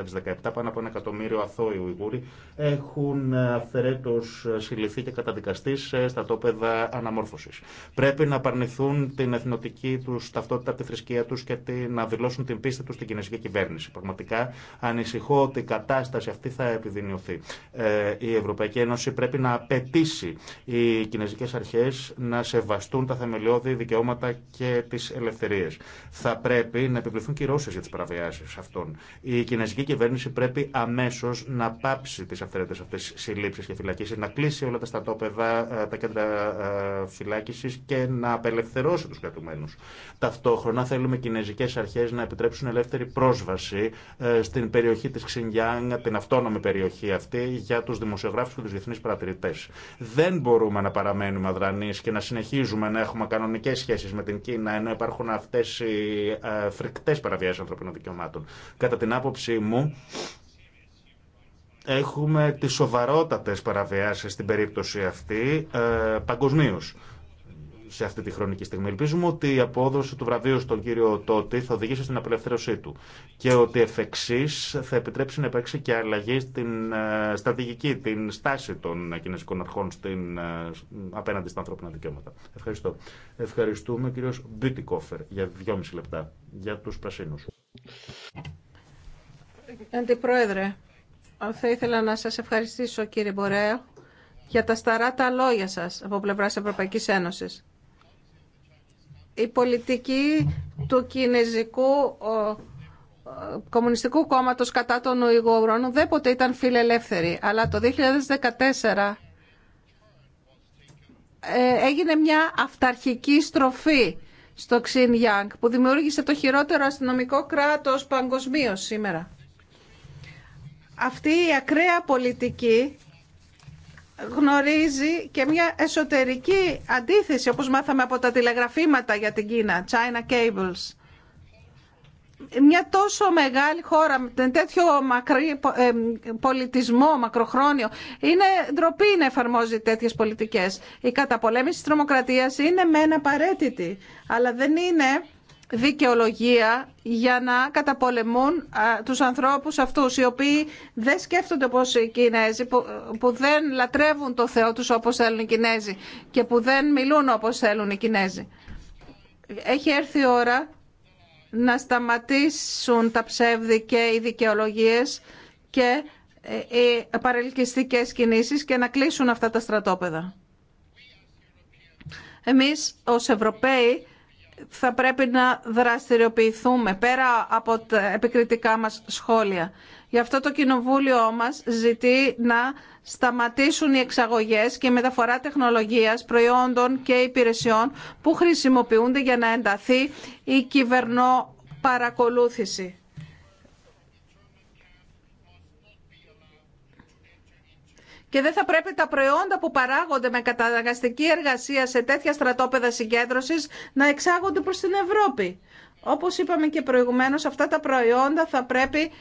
Speaker 3: 2017, πάνω από ένα εκατομμύριο αθώοι Ουιγούροι έχουν αυθαιρέτω συλληφθεί και καταδικαστεί σε τόπεδα αναμόρφωση. Πρέπει να απαρνηθούν την εθνοτική του ταυτότητα, τη θρησκεία του και να δηλώσουν την πίστη του στην κοινωνική κυβέρνηση. Πραγματικά ανησυχώ ότι η κατάσταση αυτή θα επιδεινωθεί. Ε, η Ευρωπαϊκή Ένωση πρέπει να απαιτήσει η κινέζικε αρχέ να σεβαστούν τα θεμελιώδη δικαιώματα και τι ελευθερίε. Θα πρέπει να επιβληθούν κυρώσει για τι παραβιάσεις αυτών. Η κινέζικη κυβέρνηση πρέπει αμέσω να πάψει τι αυθαίρετε αυτές συλλήψει και φυλακίσει, να κλείσει όλα τα στατόπεδα, ε, τα κέντρα ε, φυλάκισης και να απελευθερώσει του κρατουμένου. Ταυτόχρονα θέλουμε οι κινέζικες αρχές να επιτρέψουν ελεύθερη πρόσβαση ε, στην περιοχή τη Ξινγιάνγκ, την αυτόνομη περιοχή αυτή, για του δημοσιογράφου και του διεθνεί παρατηρητέ. Δεν μπορούμε να παραμένουμε αδρανείς και να συνεχίζουμε να έχουμε κανονικές σχέσεις με την Κίνα ενώ υπάρχουν αυτές οι ε, φρικτές παραβιάσεις ανθρωπίνων δικαιωμάτων. Κατά την άποψή μου, έχουμε τις σοβαρότατες παραβιάσεις στην περίπτωση αυτή ε, παγκοσμίω σε αυτή τη χρονική στιγμή. Ελπίζουμε ότι η απόδοση του βραβείου στον κύριο Τότη θα οδηγήσει στην απελευθέρωσή του και ότι εφ' εξής θα επιτρέψει να υπάρξει και αλλαγή στην ε, στρατηγική, την στάση των κινέζικων αρχών στην, ε, απέναντι στα ανθρώπινα δικαιώματα. Ευχαριστώ. Ευχαριστούμε κύριος Μπίτικοφερ για δυόμιση λεπτά για τους πρασίνους.
Speaker 2: Αντιπρόεδρε, θα ήθελα να σας ευχαριστήσω κύριε Μπορέα για τα σταράτα λόγια σας από πλευράς Ευρωπαϊκής Ένωσης η πολιτική του κινέζικου Κομμουνιστικού Κόμματος κατά των δεν ποτέ ήταν φιλελεύθερη. Αλλά το 2014 ε, έγινε μια αυταρχική στροφή στο Ξιν που δημιούργησε το χειρότερο αστυνομικό κράτος παγκοσμίως σήμερα. Αυτή η ακραία πολιτική γνωρίζει και μια εσωτερική αντίθεση, όπως μάθαμε από τα τηλεγραφήματα για την Κίνα, China Cables. Μια τόσο μεγάλη χώρα με τέτοιο μακρύ ε, πολιτισμό, μακροχρόνιο, είναι ντροπή να εφαρμόζει τέτοιες πολιτικές. Η καταπολέμηση της τρομοκρατίας είναι μεν απαραίτητη, αλλά δεν είναι δικαιολογία για να καταπολεμούν τους ανθρώπους αυτούς οι οποίοι δεν σκέφτονται όπως οι Κινέζοι που, δεν λατρεύουν το Θεό τους όπως θέλουν οι Κινέζοι και που δεν μιλούν όπως θέλουν οι Κινέζοι. Έχει έρθει η ώρα να σταματήσουν τα ψεύδη και οι δικαιολογίε και ε, οι παρελκυστικές κινήσεις και να κλείσουν αυτά τα στρατόπεδα. Εμείς ως Ευρωπαίοι θα πρέπει να δραστηριοποιηθούμε πέρα από τα επικριτικά μας σχόλια. Γι' αυτό το κοινοβούλιο μας ζητεί να σταματήσουν οι εξαγωγές και η μεταφορά τεχνολογίας, προϊόντων και υπηρεσιών που χρησιμοποιούνται για να ενταθεί η κυβερνό παρακολούθηση. και δεν θα πρέπει τα προϊόντα που παράγονται με καταναγκαστική εργασία σε τέτοια στρατόπεδα συγκέντρωσης να εξάγονται προς την Ευρώπη. Όπως είπαμε και προηγουμένως, αυτά τα προϊόντα θα πρέπει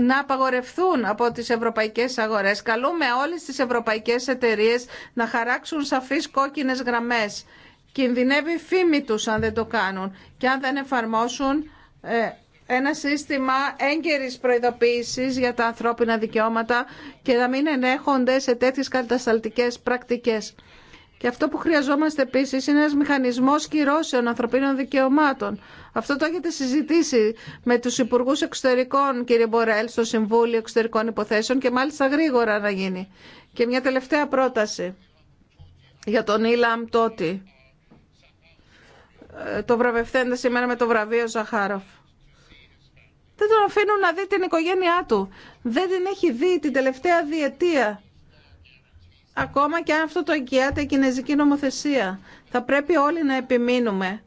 Speaker 2: να απαγορευθούν από τις ευρωπαϊκές αγορές. Καλούμε όλες τις ευρωπαϊκές εταιρείες να χαράξουν σαφείς κόκκινες γραμμές. Κινδυνεύει η φήμη τους αν δεν το κάνουν και αν δεν εφαρμόσουν ε, ένα σύστημα έγκαιρης προειδοποίησης για τα ανθρώπινα δικαιώματα και να μην ενέχονται σε τέτοιες κατασταλτικές πρακτικές. Και αυτό που χρειαζόμαστε επίσης είναι ένας μηχανισμός κυρώσεων ανθρωπίνων δικαιωμάτων. Αυτό το έχετε συζητήσει με τους Υπουργού Εξωτερικών, κύριε Μπορέλ, στο Συμβούλιο Εξωτερικών Υποθέσεων και μάλιστα γρήγορα να γίνει. Και μια τελευταία πρόταση για τον Ήλαμ Τότι. Ε, το βραβευθέντε σήμερα με το βραβείο Ζαχάροφ. Δεν τον αφήνουν να δει την οικογένειά του. Δεν την έχει δει την τελευταία διετία. Ακόμα και αν αυτό το εγγυάται η κινέζικη νομοθεσία. Θα πρέπει όλοι να επιμείνουμε.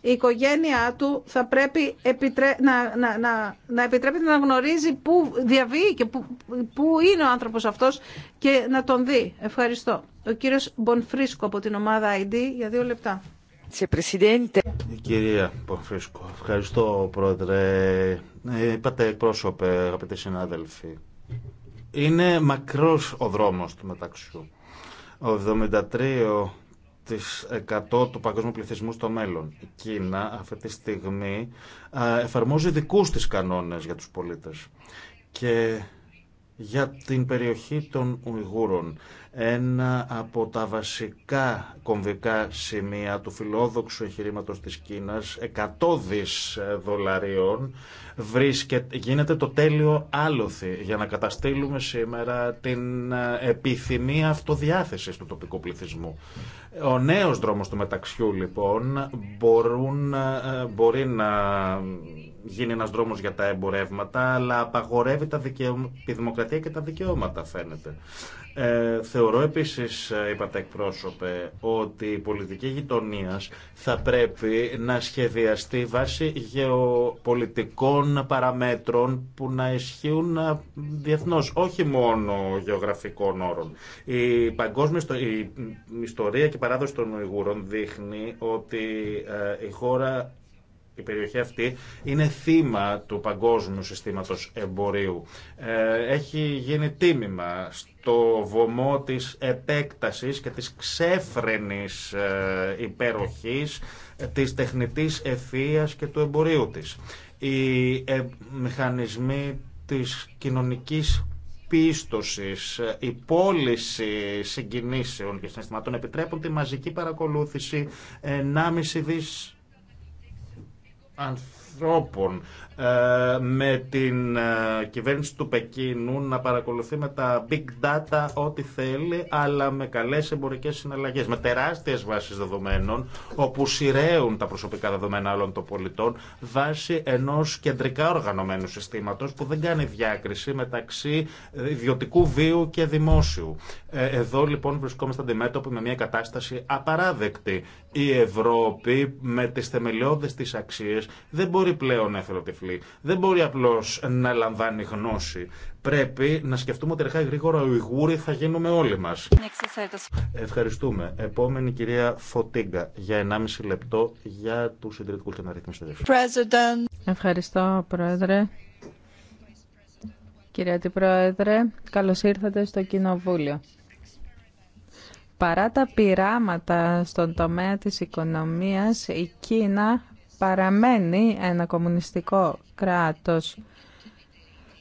Speaker 2: Η οικογένειά του θα πρέπει να, να, να, επιτρέπεται να γνωρίζει πού διαβεί και πού, πού είναι ο άνθρωπος αυτός και να τον δει. Ευχαριστώ. Ο κύριος Μπονφρίσκο από την ομάδα ID για δύο λεπτά.
Speaker 3: Κυρία Πορφίσκο, ευχαριστώ πρόεδρε. Ε, είπατε πρόσωπε, αγαπητοί συνάδελφοι. Είναι μακρός ο δρόμος του μεταξύ. Ο 73% του παγκόσμιου πληθυσμού στο μέλλον. Η Κίνα αυτή τη στιγμή εφαρμόζει δικούς της κανόνες για τους πολίτες. Και για την περιοχή των Ουιγούρων ένα από τα βασικά κομβικά σημεία του φιλόδοξου εγχειρήματος της Κίνας 100 ε, δολαρίων βρίσκεται, γίνεται το τέλειο άλοθη για να καταστήλουμε σήμερα την ε, επιθυμία αυτοδιάθεσης του τοπικού πληθυσμού. Ο νέος δρόμος του μεταξιού λοιπόν μπορούν, ε, μπορεί να γίνει ένας δρόμος για τα εμπορεύματα αλλά απαγορεύει τα δικαιω... τη δημοκρατία και τα δικαιώματα φαίνεται. Ε, θεωρώ επίσης ε, είπατε εκπρόσωπε, ότι η πολιτική γειτονία θα πρέπει να σχεδιαστεί βάσει γεωπολιτικών παραμέτρων που να ισχύουν ε, διεθνώ, όχι μόνο γεωγραφικών όρων. Η παγκόσμια η ιστορία και η παράδοση των Ουγγούρων δείχνει ότι ε, η χώρα η περιοχή αυτή είναι θύμα του παγκόσμιου συστήματος εμπορίου. Ε, έχει γίνει τίμημα στο βωμό της επέκτασης και της ξέφρενης ε, υπεροχής ε, της τεχνητής ευθείας και του εμπορίου της. Οι μηχανισμοί της κοινωνικής πίστοσης, η πώληση συγκινήσεων και συναισθηματών επιτρέπουν τη μαζική παρακολούθηση 1,5 δις ανθρώπων ε, με την ε, κυβέρνηση του Πεκίνου να παρακολουθεί με τα big data ό,τι θέλει, αλλά με καλές εμπορικές συναλλαγές, με τεράστιες βάσεις δεδομένων, όπου σειραίουν τα προσωπικά δεδομένα όλων των πολιτών, βάσει ενός κεντρικά οργανωμένου συστήματος που δεν κάνει διάκριση μεταξύ ιδιωτικού βίου και δημόσιου. Ε, εδώ λοιπόν βρισκόμαστε αντιμέτωποι με μια κατάσταση απαράδεκτη. Η Ευρώπη με τις θεμελιώδες τη αξίε δεν μπορεί πλέον να δεν μπορεί απλώ να λαμβάνει γνώση. Πρέπει να σκεφτούμε ότι γρήγορα ο Ιγούρι θα γίνουμε όλοι μα. Ευχαριστούμε. Επόμενη κυρία Φωτίγκα για 1,5 λεπτό για του συντηρητικού και αναρρυθμιστέ.
Speaker 1: Ευχαριστώ, Πρόεδρε. Κύριε πρόεδρε καλώς ήρθατε στο Κοινοβούλιο. Παρά τα πειράματα στον τομέα της οικονομίας, η Κίνα παραμένει ένα κομμουνιστικό κράτος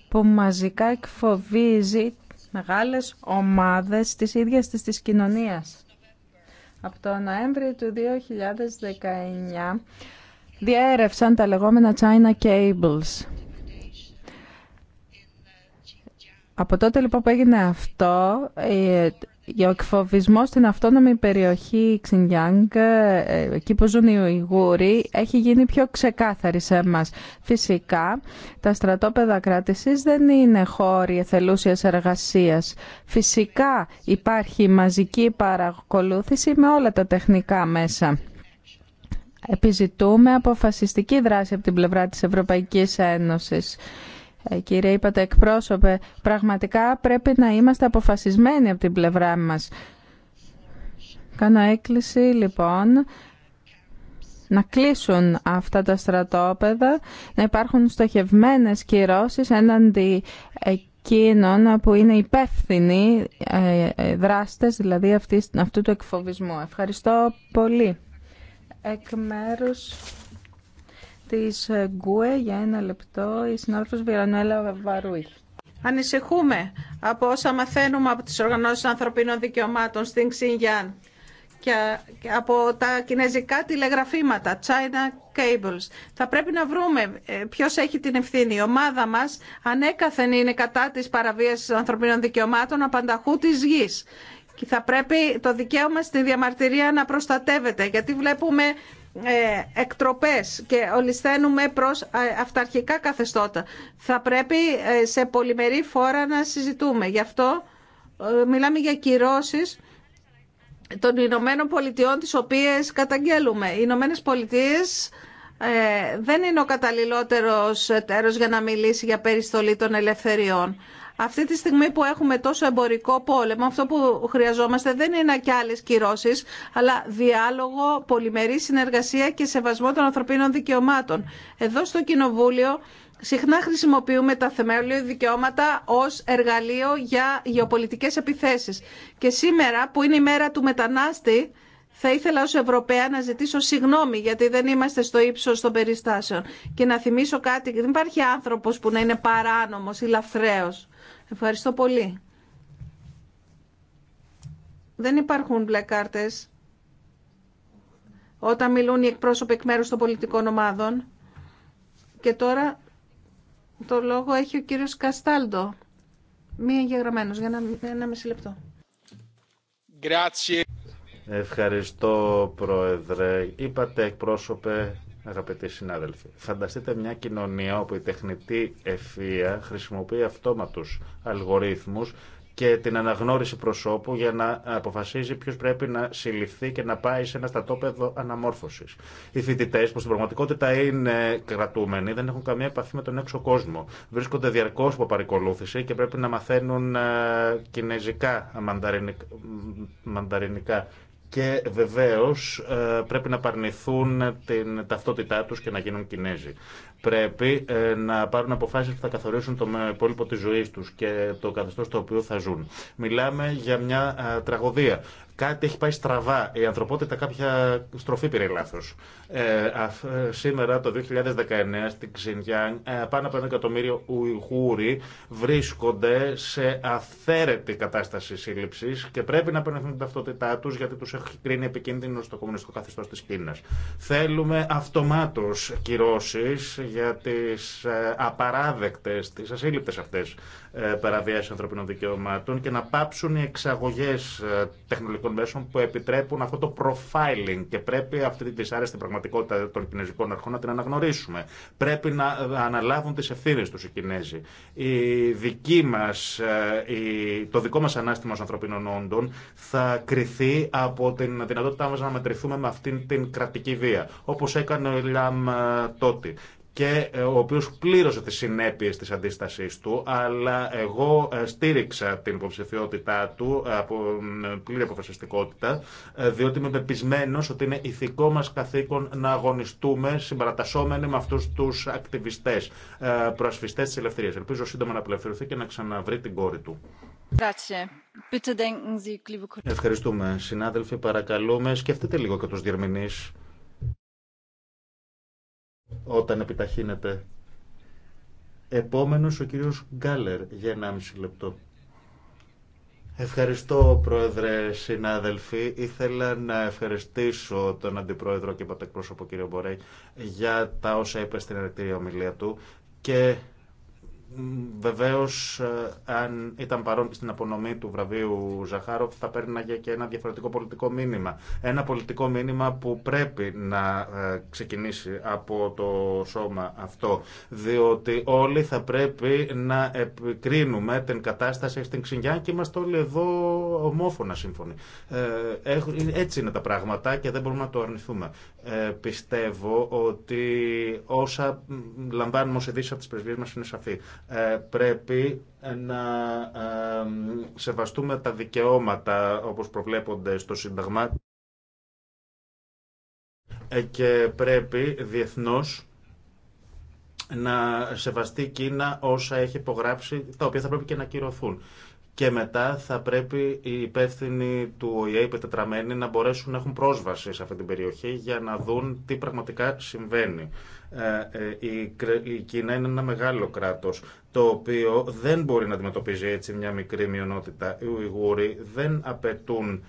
Speaker 1: που μαζικά εκφοβίζει μεγάλες ομάδες της ίδιας της, της κοινωνίας. Από το Νοέμβριο του 2019 διέρευσαν τα λεγόμενα China Cables. Από τότε λοιπόν που έγινε αυτό, ο εκφοβισμός στην αυτόνομη περιοχή Ξινγκιανγκ, ε, εκεί που ζουν οι Ουιγούροι, έχει γίνει πιο ξεκάθαρη σε εμάς. Φυσικά, τα στρατόπεδα κράτησης δεν είναι χώροι εθελούσιας εργασίας. Φυσικά, υπάρχει μαζική παρακολούθηση με όλα τα τεχνικά μέσα. Επιζητούμε αποφασιστική δράση από την πλευρά της Ευρωπαϊκής Ένωσης. Ε, κύριε είπατε εκπρόσωπε, πραγματικά πρέπει να είμαστε αποφασισμένοι από την πλευρά μας. Κάνω έκκληση λοιπόν να κλείσουν αυτά τα στρατόπεδα, να υπάρχουν στοχευμένες κυρώσεις έναντι εκείνων που είναι υπεύθυνοι ε, ε, δράστες, δηλαδή αυτού του εκφοβισμού. Ευχαριστώ πολύ. Εκ μέρους της ε, Γκουε για ένα λεπτό η συνάδελφος Βιρανέλα Βαρούιχ.
Speaker 2: Ανησυχούμε από όσα μαθαίνουμε από τις οργανώσεις ανθρωπίνων δικαιωμάτων στην Ξινγιάν και από τα κινέζικα τηλεγραφήματα, China Cables. Θα πρέπει να βρούμε ε, ποιος έχει την ευθύνη. Η ομάδα μας ανέκαθεν είναι κατά της παραβίασης ανθρωπίνων δικαιωμάτων απανταχού της γης. Και θα πρέπει το δικαίωμα στη διαμαρτυρία να προστατεύεται, γιατί βλέπουμε ε, εκτροπές και ολισθαίνουμε προς ε, αυταρχικά καθεστώτα. Θα πρέπει ε, σε πολυμερή φόρα να συζητούμε. Γι' αυτό μιλάμε για κυρώσεις των Ηνωμένων Πολιτειών τις οποίες καταγγέλουμε. Οι Ηνωμένε Πολιτείε δεν είναι ο καταλληλότερος τέρος για να μιλήσει για περιστολή των ελευθεριών. Αυτή τη στιγμή που έχουμε τόσο εμπορικό πόλεμο, αυτό που χρειαζόμαστε δεν είναι και άλλε κυρώσει, αλλά διάλογο, πολυμερή συνεργασία και σεβασμό των ανθρωπίνων δικαιωμάτων. Εδώ στο Κοινοβούλιο συχνά χρησιμοποιούμε τα θεμέλια δικαιώματα ως εργαλείο για γεωπολιτικές επιθέσεις. Και σήμερα που είναι η μέρα του μετανάστη, θα ήθελα ως Ευρωπαία να ζητήσω συγγνώμη γιατί δεν είμαστε στο ύψος των περιστάσεων. Και να θυμίσω κάτι, δεν υπάρχει άνθρωπος που να είναι παράνομος ή λαφραίος. Ευχαριστώ πολύ. Δεν υπάρχουν μπλε κάρτες όταν μιλούν οι εκπρόσωποι εκ μέρους των πολιτικών ομάδων. Και τώρα το λόγο έχει ο κύριος Καστάλντο. Μη εγγεγραμμένος για ένα, μισή λεπτό.
Speaker 3: Grazie. Ευχαριστώ, Πρόεδρε. Είπατε εκπρόσωπε, αγαπητοί συνάδελφοι. Φανταστείτε μια κοινωνία όπου η τεχνητή ευθεία χρησιμοποιεί αυτόματους αλγορίθμους και την αναγνώριση προσώπου για να αποφασίζει ποιο πρέπει να συλληφθεί και να πάει σε ένα στατόπεδο αναμόρφωσης. Οι φοιτητέ, που στην πραγματικότητα είναι κρατούμενοι, δεν έχουν καμία επαφή με τον έξω κόσμο. Βρίσκονται διαρκώς από παρικολούθηση και πρέπει να μαθαίνουν ε, κινέζικα, μανταρινικά και βεβαίως ε, πρέπει να παρνηθούν την ταυτότητά τους και να γίνουν Κινέζοι. Πρέπει ε, να πάρουν αποφάσεις που θα καθορίσουν το υπόλοιπο της ζωής τους και το καθεστώς το οποίο θα ζουν. Μιλάμε για μια ε, τραγωδία. Κάτι έχει πάει στραβά. Η ανθρωπότητα κάποια στροφή πήρε λάθο. Ε, ε, σήμερα το 2019 στην Ξινγιάν ε, πάνω από ένα εκατομμύριο Ουιγούροι βρίσκονται σε αθαίρετη κατάσταση σύλληψη και πρέπει να απενεθούν την ταυτότητά του γιατί του έχει κρίνει επικίνδυνο στο κομμουνιστικό καθεστώ τη Κίνα. Θέλουμε αυτομάτω κυρώσει για τι ε, απαράδεκτε, τι ασύλληπτε αυτέ παραβιάσει ανθρωπίνων δικαιωμάτων και να πάψουν οι εξαγωγέ τεχνολογικών μέσων που επιτρέπουν αυτό το profiling και πρέπει αυτή τη δυσάρεστη πραγματικότητα των κινέζικων αρχών να την αναγνωρίσουμε. Πρέπει να ε, αναλάβουν τι ευθύνε του οι Κινέζοι. Η δική μας, ε, το δικό μα ανάστημα των ανθρωπίνων όντων θα κρυθεί από την δυνατότητά μα να μετρηθούμε με αυτήν την κρατική βία. Όπω έκανε ο Ιλάμ ε, τότε και ε, ο οποίος πλήρωσε τις συνέπειες της αντίστασής του, αλλά εγώ ε, στήριξα την υποψηφιότητά του ε, από πλήρη αποφασιστικότητα, διότι είμαι πεπισμένος ότι είναι ηθικό μας καθήκον να αγωνιστούμε συμπαρατασσόμενοι με αυτούς τους ακτιβιστές, προασφιστές της ελευθερίας. Ελπίζω σύντομα να απελευθερωθεί και να ξαναβρει την κόρη του. Ευχαριστούμε. Συνάδελφοι, παρακαλούμε, σκεφτείτε λίγο και τους διερμηνείς όταν επιταχύνεται. Επόμενος ο κύριος Γκάλερ για 1,5 λεπτό. Ευχαριστώ Πρόεδρε, συνάδελφοι. Ήθελα να ευχαριστήσω τον Αντιπρόεδρο και Πατεκπρόσωπο κύριο Μπορέ για τα όσα είπε στην ερεκτήρια ομιλία του και Βεβαίω, ε, αν ήταν παρόν και στην απονομή του βραβείου Ζαχάροφ, θα παίρναγε και ένα διαφορετικό πολιτικό μήνυμα. Ένα πολιτικό μήνυμα που πρέπει να ε, ξεκινήσει από το σώμα αυτό. Διότι όλοι θα πρέπει να επικρίνουμε την κατάσταση στην Ξυγιά και είμαστε όλοι εδώ ομόφωνα σύμφωνοι. Ε, έτσι είναι τα πράγματα και δεν μπορούμε να το αρνηθούμε. Πιστεύω ότι όσα λαμβάνουμε ω ειδήσει από τι πρεσβείε μα είναι σαφή ε, πρέπει να σεβαστούμε τα δικαιώματα όπως προβλέπονται στο Σύνταγμα ε, και πρέπει διεθνώς να σεβαστεί η Κίνα όσα έχει υπογράψει, τα οποία θα πρέπει και να κυρωθούν. Και μετά θα πρέπει οι υπεύθυνοι του ΟΗΕ, οι πετετραμένοι, να μπορέσουν να έχουν πρόσβαση σε αυτή την περιοχή για να δουν τι πραγματικά συμβαίνει. Ε, ε, η Κίνα είναι ένα μεγάλο κράτος το οποίο δεν μπορεί να αντιμετωπίζει έτσι μια μικρή μειονότητα. Οι Ουιγούροι δεν απαιτούν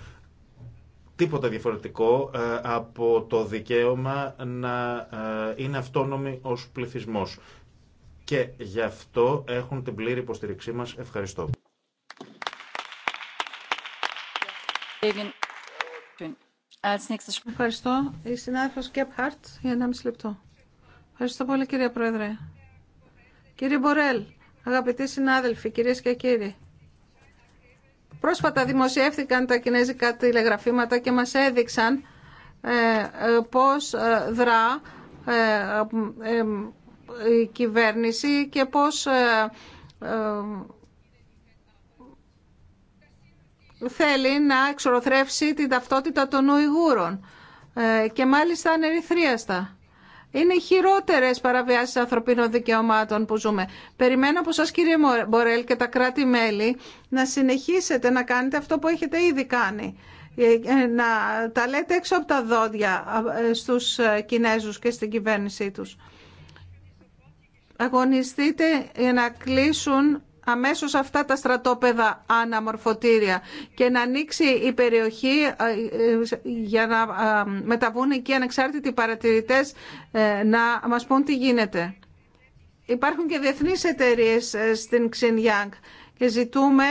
Speaker 3: τίποτα διαφορετικό ε, από το δικαίωμα να είναι αυτόνομοι ως πληθυσμός. Και γι' αυτό έχουν την πλήρη υποστήριξή μας. Ευχαριστώ.
Speaker 2: Ευχαριστώ. Η συνάδελφος Κεπχάρτ για μισή λεπτό. Ευχαριστώ πολύ κύριε Πρόεδρε. Κύριε Μπορέλ, αγαπητοί συνάδελφοι, κυρίες και κύριοι. Πρόσφατα δημοσιεύθηκαν τα κινέζικα τηλεγραφήματα και μας έδειξαν ε, ε, πώς ε, δρά η κυβέρνηση και πώς θέλει να εξορροθρεύσει την ταυτότητα των Ουιγούρων και μάλιστα ανερυθρίαστα. Είναι οι χειρότερες παραβιάσεις ανθρωπίνων δικαιωμάτων που ζούμε. Περιμένω από σας κύριε Μπορέλ και τα κράτη-μέλη να συνεχίσετε να κάνετε αυτό που έχετε ήδη κάνει. Ε, ε, να τα λέτε έξω από τα δόντια ε, στους Κινέζους και στην κυβέρνησή τους. Αγωνιστείτε για να κλείσουν αμέσως αυτά τα στρατόπεδα αναμορφωτήρια και να ανοίξει η περιοχή ε, ε, για να ε, μεταβούν εκεί ανεξάρτητοι παρατηρητές να μας πούν τι γίνεται. Υπάρχουν και διεθνείς εταιρείες στην Ξινγιάνγκ και ζητούμε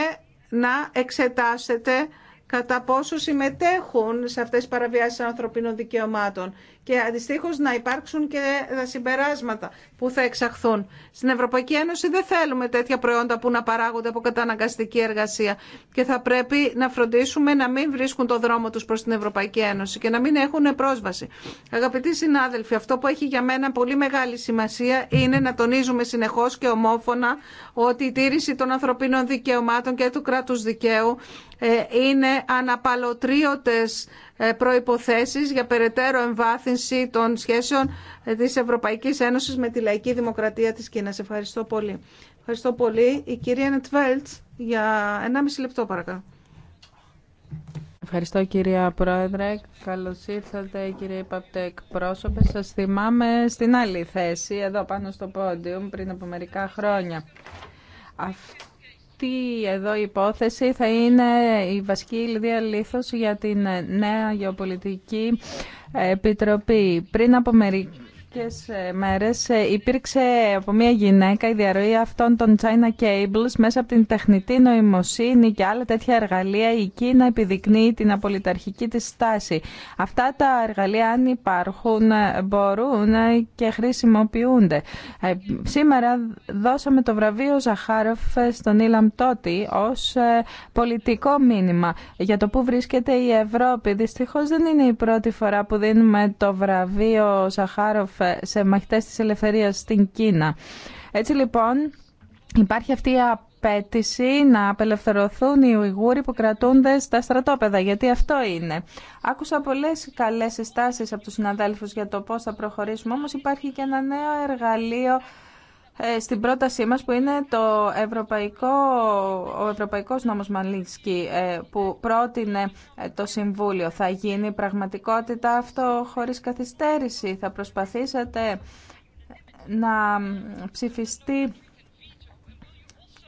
Speaker 2: να εξετάσετε κατά πόσο συμμετέχουν σε αυτές τις παραβιάσεις ανθρωπίνων δικαιωμάτων και αντιστοίχω να υπάρξουν και τα συμπεράσματα που θα εξαχθούν. Στην Ευρωπαϊκή Ένωση δεν θέλουμε τέτοια προϊόντα που να παράγονται από καταναγκαστική εργασία και θα πρέπει να φροντίσουμε να μην βρίσκουν το δρόμο του προ την Ευρωπαϊκή Ένωση και να μην έχουν πρόσβαση. Αγαπητοί συνάδελφοι, αυτό που έχει για μένα πολύ μεγάλη σημασία είναι να τονίζουμε συνεχώ και ομόφωνα ότι η τήρηση των ανθρωπίνων δικαιωμάτων και του κράτου δικαίου ε, είναι αναπαλωτρίωτες ε, προϋποθέσεις για περαιτέρω εμβάθυνση των σχέσεων της Ευρωπαϊκής Ένωσης με τη λαϊκή δημοκρατία της Κίνας. Ευχαριστώ πολύ. Ευχαριστώ πολύ. Η κυρία Νετβέλτ
Speaker 1: για 1,5 λεπτό παρακαλώ. Ευχαριστώ κυρία Πρόεδρε. Καλώς ήρθατε κύριε Παπτέκ. πρόσωπε. Σας θυμάμαι στην άλλη θέση εδώ πάνω στο πόντιου πριν από μερικά χρόνια αυτή εδώ η υπόθεση θα είναι η βασική διαλήθος για την νέα γεωπολιτική επιτροπή. Πριν από μερικά μερικές ε, μέρες ε, υπήρξε από μια γυναίκα η διαρροή αυτών των China Cables μέσα από την τεχνητή νοημοσύνη και άλλα τέτοια εργαλεία η Κίνα επιδεικνύει την απολυταρχική της στάση. Αυτά τα εργαλεία αν υπάρχουν ε, μπορούν και χρησιμοποιούνται. Σήμερα δώσαμε το βραβείο Ζαχάροφ στον Ήλαμ Τότι ως πολιτικό μήνυμα για το που βρίσκεται η Ευρώπη. Δυστυχώς δεν είναι η πρώτη φορά που δίνουμε το βραβείο Ζαχάροφ σε μαχητές της ελευθερίας στην Κίνα. Έτσι λοιπόν υπάρχει αυτή η απέτηση να απελευθερωθούν οι Ουιγούροι που κρατούνται στα στρατόπεδα, γιατί αυτό είναι. Άκουσα πολλές καλές συστάσεις από τους συναδέλφους για το πώς θα προχωρήσουμε, όμως υπάρχει και ένα νέο εργαλείο ε, στην πρότασή μας που είναι το ευρωπαϊκό, ο Ευρωπαϊκός Νόμος ε, που πρότεινε ε, το Συμβούλιο. Θα γίνει πραγματικότητα αυτό χωρίς καθυστέρηση. Θα προσπαθήσετε να ψηφιστεί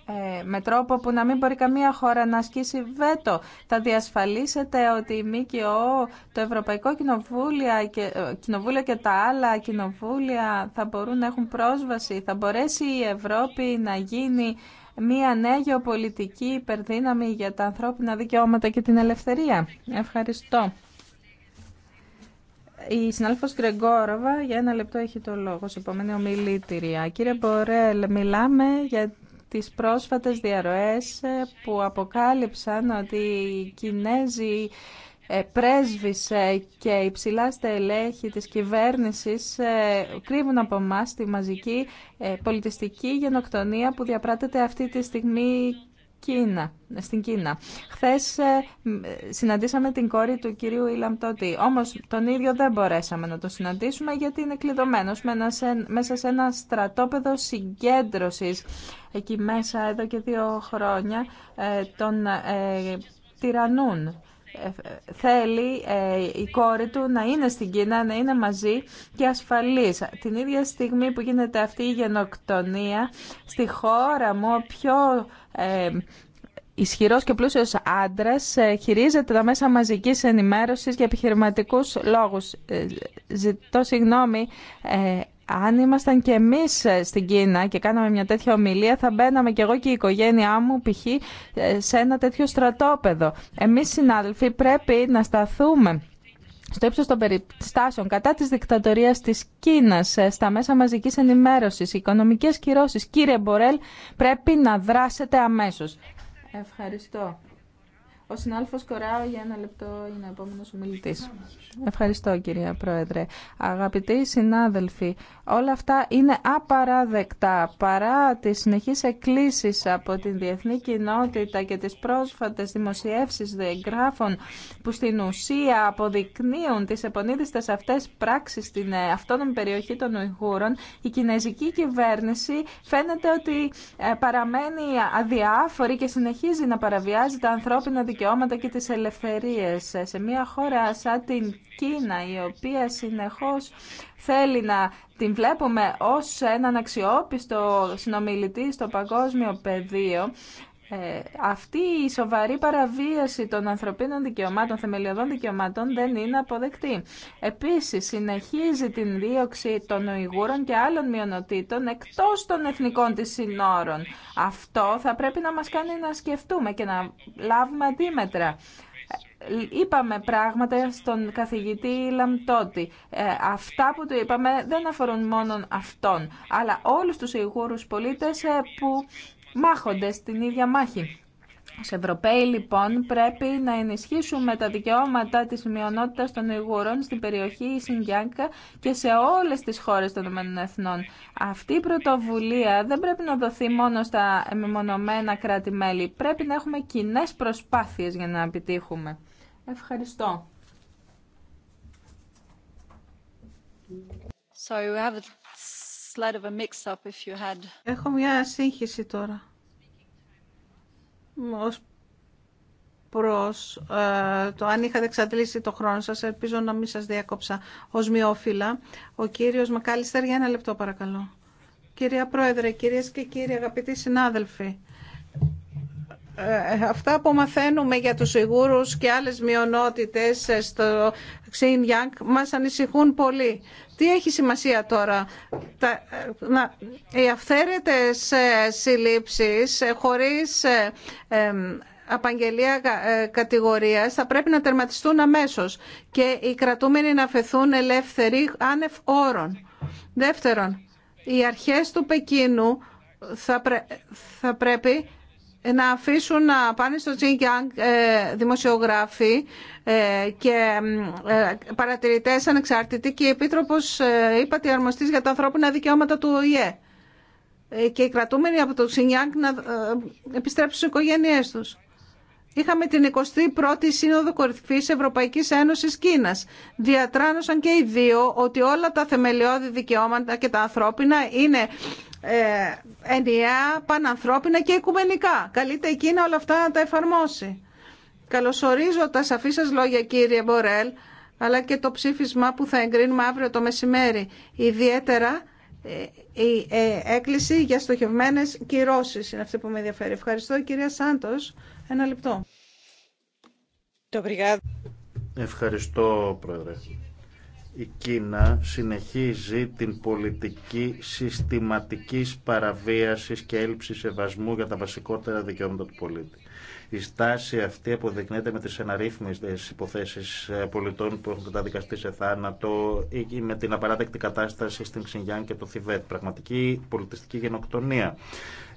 Speaker 1: ε, με τρόπο που να μην μπορεί καμία χώρα να ασκήσει βέτο. Θα διασφαλίσετε ότι η ΜΚΟ, το Ευρωπαϊκό Κοινοβούλιο και, ε, Κοινοβούλιο και τα άλλα κοινοβούλια θα μπορούν να έχουν πρόσβαση. Θα μπορέσει η Ευρώπη να γίνει μια νέα γεωπολιτική υπερδύναμη για τα ανθρώπινα δικαιώματα και την ελευθερία. Ευχαριστώ. Η συνάδελφος Γκρεγκόροβα για ένα λεπτό έχει το λόγο σε επόμενη ομιλήτηρια. Κύριε Μπορέλ, μιλάμε για τις πρόσφατες διαρροές ε, που αποκάλυψαν ότι οι Κινέζοι ε, πρέσβησε και υψηλά στελέχη της κυβέρνησης ε, κρύβουν από εμά τη μαζική πολιτιστική γενοκτονία που διαπράττεται αυτή τη στιγμή Κίνα, στην Κίνα. Χθες ε, συναντήσαμε την κόρη του κυρίου Ιλαμπτότη. όμως τον ίδιο δεν μπορέσαμε να το συναντήσουμε γιατί είναι κλειδωμένος μέσα σε ένα στρατόπεδο συγκέντρωσης εκεί μέσα εδώ και δύο χρόνια ε, των ε, τυραννούν θέλει ε, η κόρη του να είναι στην Κίνα, να είναι μαζί και ασφαλής. Την ίδια στιγμή που γίνεται αυτή η γενοκτονία, στη χώρα μου ο πιο ε, ισχυρός και πλούσιος άντρας ε, χειρίζεται τα μέσα μαζικής ενημέρωσης για επιχειρηματικούς λόγους. Ε, ζητώ συγγνώμη, αν ήμασταν και εμείς ε, στην Κίνα και κάναμε μια τέτοια ομιλία θα μπαίναμε κι εγώ και η οικογένειά μου π.χ. Ε, σε ένα τέτοιο στρατόπεδο. Εμείς συνάδελφοι πρέπει να σταθούμε στο ύψος των περιστάσεων κατά της δικτατορίας της Κίνας, ε, στα μέσα μαζικής ενημέρωσης, οικονομικές κυρώσεις. Κύριε Μπορέλ, πρέπει να δράσετε αμέσως. Ευχαριστώ. Ο συνάδελφος Κοράου για ένα λεπτό είναι επόμενος ομιλητής. Ευχαριστώ κυρία Πρόεδρε. Αγαπητοί συνάδελφοι, όλα αυτά είναι απαράδεκτα παρά τις συνεχείς εκκλήσεις από την διεθνή κοινότητα και τις πρόσφατες δημοσιεύσεις εγγράφων που στην ουσία αποδεικνύουν τις επονίδιστες αυτές πράξεις στην ε, αυτόνομη περιοχή των Ουιγούρων, η κινέζικη κυβέρνηση φαίνεται ότι ε, παραμένει αδιάφορη και συνεχίζει να παραβιάζει τα ανθρώπινα δικαιώματα δικαιώματα και τις ελευθερίες σε μια χώρα σαν την Κίνα η οποία συνεχώς θέλει να την βλέπουμε ως έναν αξιόπιστο συνομιλητή στο παγκόσμιο πεδίο ε, αυτή η σοβαρή παραβίαση των ανθρωπίνων δικαιωμάτων, θεμελιωδών δικαιωμάτων δεν είναι αποδεκτή. Επίσης, συνεχίζει την δίωξη των Ουιγούρων και άλλων μειονοτήτων εκτός των εθνικών της συνόρων. Αυτό θα πρέπει να μας κάνει να σκεφτούμε και να λάβουμε αντίμετρα. Είπαμε πράγματα στον καθηγητή Λαμπτότη. Ε, αυτά που του είπαμε δεν αφορούν μόνο αυτόν, αλλά όλους τους Ιγούρους πολίτες ε, που μάχονται στην ίδια μάχη. Ως Ευρωπαίοι λοιπόν πρέπει να ενισχύσουμε τα δικαιώματα της μειονότητας των Ιγουρών στην περιοχή Σινγκιάνκα και σε όλες τις χώρες των Εθνών. Αυτή η πρωτοβουλία δεν πρέπει να δοθεί μόνο στα μεμονωμένα κράτη-μέλη. Πρέπει να έχουμε κοινέ προσπάθειες για να επιτύχουμε. Ευχαριστώ. Έχω
Speaker 2: μια σύγχυση τώρα. Ως προς ε, το αν είχατε εξαντλήσει το χρόνο σας, ελπίζω να μην σας διάκοψα ως μειόφυλλα. Ο κύριος Μακάλιστερ, για ένα λεπτό παρακαλώ. Κυρία Πρόεδρε, κυρίες και κύριοι αγαπητοί συνάδελφοι, ε, αυτά που μαθαίνουμε για τους Ιγούρους και άλλες μειονότητες ε, στο Xinjiang μας ανησυχούν πολύ. Τι έχει σημασία τώρα. Τα, ε, να, οι αυθαίρετες συλλήψεις χωρίς απαγγελία κατηγορίας θα πρέπει να τερματιστούν αμέσως και οι κρατούμενοι να φεθούν ελεύθεροι άνευ όρων. Δεύτερον, οι αρχές του Πεκίνου θα πρέπει ε, να αφήσουν να πάνε στο Τζινγκιάνγκ ε, δημοσιογράφοι ε, και παρατηρητές ανεξάρτητοι και η Επίτροπος τη αρμοστής για τα ανθρώπινα δικαιώματα του ΟΗΕ και οι κρατούμενοι από το Ξινιάνκ να επιστρέψουν στις οικογένειές τους. Είχαμε την 21η Σύνοδο Κορυφής Ευρωπαϊκής Ένωσης Κίνα. Διατράνωσαν και οι δύο ότι όλα τα θεμελιώδη δικαιώματα και τα ανθρώπινα είναι ε, ενιαία, πανανθρώπινα και οικουμενικά. Καλείται η Κίνα όλα αυτά να τα εφαρμόσει. Καλωσορίζω τα σαφή σας λόγια κύριε Μπορέλ, αλλά και το ψήφισμα που θα εγκρίνουμε αύριο το μεσημέρι. Ιδιαίτερα ε, η ε, έκκληση για στοχευμένες κυρώσεις είναι αυτή που με ενδιαφέρει. Ευχαριστώ κυρία Σάντος. Ένα λεπτό.
Speaker 3: Ευχαριστώ πρόεδρε η Κίνα συνεχίζει την πολιτική συστηματικής παραβίασης και έλλειψης σεβασμού για τα βασικότερα δικαιώματα του πολίτη. Η στάση αυτή αποδεικνύεται με τις εναρρύθμιστες υποθέσεις πολιτών που έχουν καταδικαστεί σε θάνατο ή με την απαράδεκτη κατάσταση στην Ξινγιάν και το Θιβέτ. Πραγματική πολιτιστική γενοκτονία.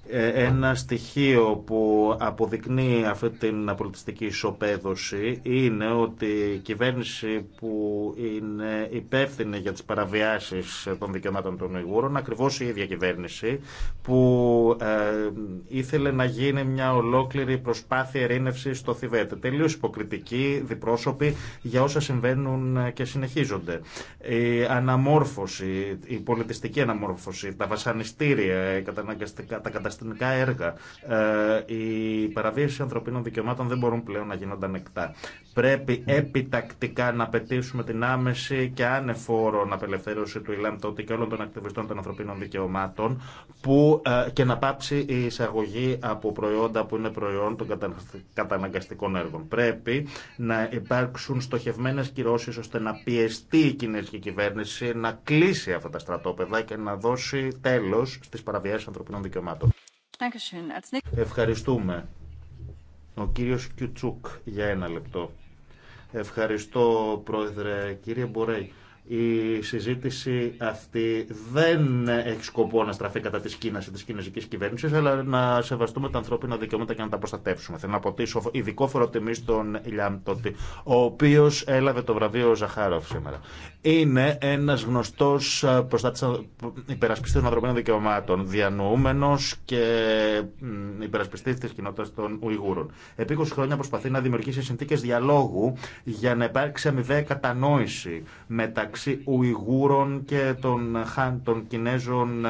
Speaker 3: Ε, ένα στοιχείο που αποδεικνύει αυτή την πολιτιστική ισοπαίδωση είναι ότι η κυβέρνηση που είναι υπεύθυνη για τις παραβιάσεις των δικαιωμάτων των Ιγούρων, ακριβώς η ίδια κυβέρνηση που ε, ήθελε να γίνει μια ολόκληρη προσπάθεια ερήνευση στο Θιβέτ. Τελείως υποκριτική, διπρόσωπη για όσα συμβαίνουν και συνεχίζονται. Η αναμόρφωση, η πολιτιστική αναμόρφωση, τα βασανιστήρια, τα αστυνομικά έργα. Η ε, παραβίαση ανθρωπίνων δικαιωμάτων δεν μπορούν πλέον να γίνονται ανεκτά. Πρέπει επιτακτικά να πετήσουμε την άμεση και άνεφόρον απελευθέρωση του Ιλάμ τότε και όλων των ακτιβιστών των ανθρωπίνων δικαιωμάτων που, ε, και να πάψει η εισαγωγή από προϊόντα που είναι προϊόν των καταναγκαστικών έργων. Πρέπει να υπάρξουν στοχευμένε κυρώσει ώστε να πιεστεί η κινέζικη κυβέρνηση να κλείσει αυτά τα στρατόπεδα και να δώσει τέλο στι παραβιάσει ανθρωπίνων δικαιωμάτων. Ευχαριστούμε. Ο κύριος Κιουτσούκ για ένα λεπτό. Ευχαριστώ πρόεδρε κύριε Μπορέη. Η συζήτηση αυτή δεν έχει σκοπό να στραφεί κατά τη Κίνα ή τη κινέζικη κυβέρνηση, αλλά να σεβαστούμε τα ανθρώπινα δικαιώματα και να τα προστατεύσουμε. Θέλω να αποτύσω ειδικό φοροτιμή στον Ιλιάμ Τότι, ο οποίο έλαβε το βραβείο Ζαχάροφ σήμερα. Είναι ένα γνωστό ε, ε, υπερασπιστή των ανθρωπίνων δικαιωμάτων, διανοούμενο και υπερασπιστή τη κοινότητα των Ουιγούρων. Επί 20 χρόνια προσπαθεί να δημιουργήσει συνθήκε διαλόγου για να υπάρξει αμοιβαία κατανόηση μεταξύ μεταξύ Ουιγούρων και των, Χαν, των Κινέζων ε,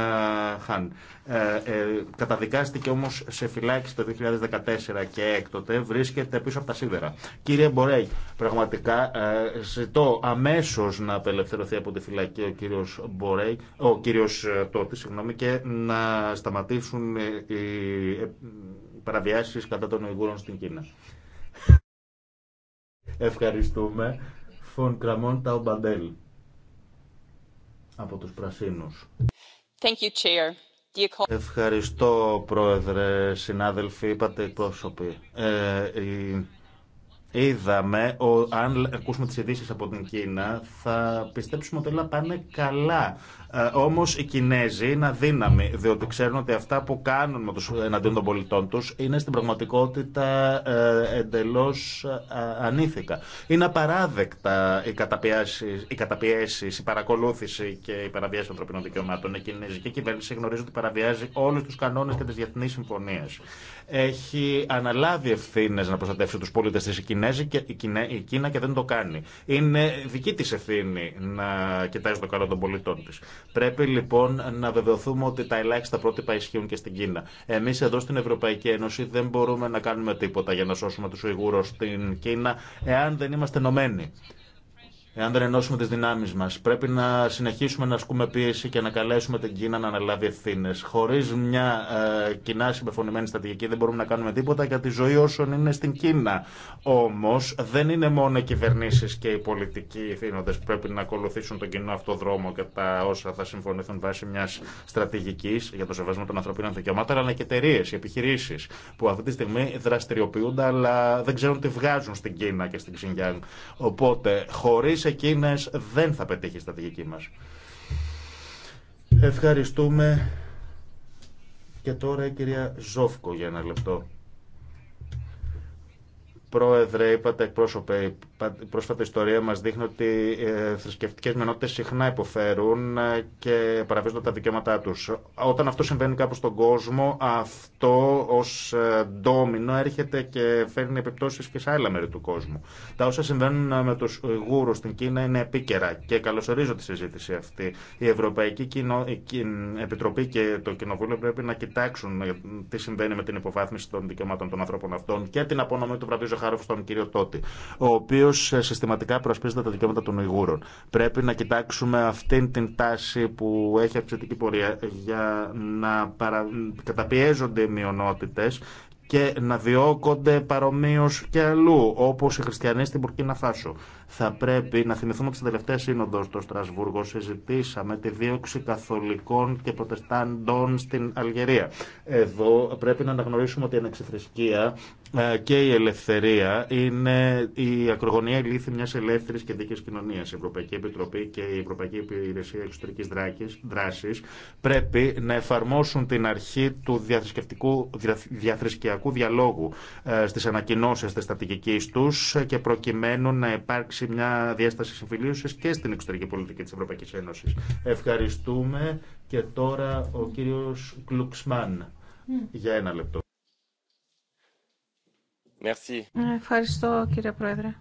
Speaker 3: Χαν. Ε, ε, καταδικάστηκε όμως σε φυλάκιση το 2014 και έκτοτε βρίσκεται πίσω από τα σίδερα. Κύριε Μπορέι, πραγματικά ε, ζητώ αμέσως να απελευθερωθεί από τη φυλακή ο κύριος Μπορέι, ο κύριος ε, Τότη, συγγνώμη, και να σταματήσουν ε, οι παραβιάσεις κατά των Ουιγούρων στην Κίνα. Ευχαριστούμε. Φων Κραμόν Ταουμπαντέλ από τους Πρασίνους.
Speaker 1: Thank Chair.
Speaker 3: Ευχαριστώ, Πρόεδρε, συνάδελφοι, είπατε εκπρόσωποι. Ε, Είδαμε, ο, αν ακούσουμε τις ειδήσει από την Κίνα, θα πιστέψουμε ότι όλα πάνε καλά. Ε, Όμω οι Κινέζοι είναι αδύναμοι, διότι ξέρουν ότι αυτά που κάνουν με τους, εναντίον των πολιτών του είναι στην πραγματικότητα ε, εντελώ ε, ανήθικα. Είναι απαράδεκτα οι καταπιέσει, η παρακολούθηση και η παραβίαση ανθρωπίνων δικαιωμάτων. Η Κινέζικη κυβέρνηση γνωρίζει ότι παραβιάζει όλου του κανόνε και τι διεθνεί συμφωνίε. Έχει αναλάβει ευθύνε να προστατεύσει του πολίτε τη η Κίνα και δεν το κάνει. Είναι δική τη ευθύνη να κοιτάζει το καλό των πολιτών τη. Πρέπει λοιπόν να βεβαιωθούμε ότι τα ελάχιστα πρότυπα ισχύουν και στην Κίνα. Εμεί εδώ στην Ευρωπαϊκή Ένωση δεν μπορούμε να κάνουμε τίποτα για να σώσουμε του Ουιγούρου στην Κίνα εάν δεν είμαστε ενωμένοι εάν δεν ενώσουμε τι δυνάμει μα. Πρέπει να συνεχίσουμε να ασκούμε πίεση και να καλέσουμε την Κίνα να αναλάβει ευθύνε. Χωρί μια ε, κοινά συμπεφωνημένη στρατηγική δεν μπορούμε να κάνουμε τίποτα για τη ζωή όσων είναι στην Κίνα. Όμω δεν είναι μόνο οι κυβερνήσει και οι πολιτικοί ηθήνοντε που πρέπει να ακολουθήσουν τον κοινό αυτό δρόμο και τα όσα θα συμφωνηθούν βάσει μια στρατηγική για το σεβασμό των ανθρωπίνων δικαιωμάτων, αλλά και εταιρείε, επιχειρήσει που αυτή τη στιγμή δραστηριοποιούνται αλλά δεν ξέρουν τι βγάζουν στην Κίνα και στην Ξινγκιάν. Οπότε, χωρί Εκείνε δεν θα πετύχει η στρατηγική μα. Ευχαριστούμε. Και τώρα η κυρία Ζόφκο για ένα λεπτό. Πρόεδρε, είπατε εκπρόσωπε, η πρόσφατη ιστορία μα δείχνει ότι οι ε, θρησκευτικές μενότητες συχνά υποφέρουν ε, και παραβίζονται τα δικαιώματά τους. Όταν αυτό συμβαίνει κάπου στον κόσμο, αυτό ω ε, ντόμινο έρχεται και φέρνει επιπτώσει και σε άλλα μέρη του κόσμου. Τα όσα συμβαίνουν με του Ιγούρου στην Κίνα είναι επίκαιρα και καλωσορίζω τη συζήτηση αυτή. Η Ευρωπαϊκή Κοινο... Επιτροπή και το Κοινοβούλιο πρέπει να κοιτάξουν τι συμβαίνει με την υποβάθμιση των δικαιωμάτων των ανθρώπων αυτών και την απονομή του βραβείου Σάχαροφ στον κύριο Τότη, ο οποίο ε, συστηματικά προασπίζεται τα δικαιώματα των Ουιγούρων. Πρέπει να κοιτάξουμε αυτήν την τάση που έχει αυξητική πορεία για να παρα... καταπιέζονται οι μειονότητε και να διώκονται παρομοίω και αλλού, όπω οι χριστιανοί στην Πουρκίνα Φάσο. Θα πρέπει να θυμηθούμε ότι στην τελευταία σύνοδο στο Στρασβούργο συζητήσαμε τη δίωξη καθολικών και προτεστάντων στην Αλγερία. Εδώ πρέπει να αναγνωρίσουμε ότι η ανεξιθρησκεία ε, και η ελευθερία είναι η ακρογωνία λύθη μια ελεύθερη και δίκαιη κοινωνία. Η Ευρωπαϊκή Επιτροπή και η Ευρωπαϊκή Υπηρεσία Εξωτερική Δράση πρέπει να εφαρμόσουν την αρχή του διαθρησκευτικού διαλόγου ε, στι ανακοινώσει τη στρατηγική του και προκειμένου να υπάρξει μια διάσταση συμφιλίωση και στην εξωτερική πολιτική τη Ευρωπαϊκή Ένωση. Ευχαριστούμε και τώρα ο κύριος Κλουξμάν για ένα λεπτό. Ε,
Speaker 2: ευχαριστώ κύριε Πρόεδρε.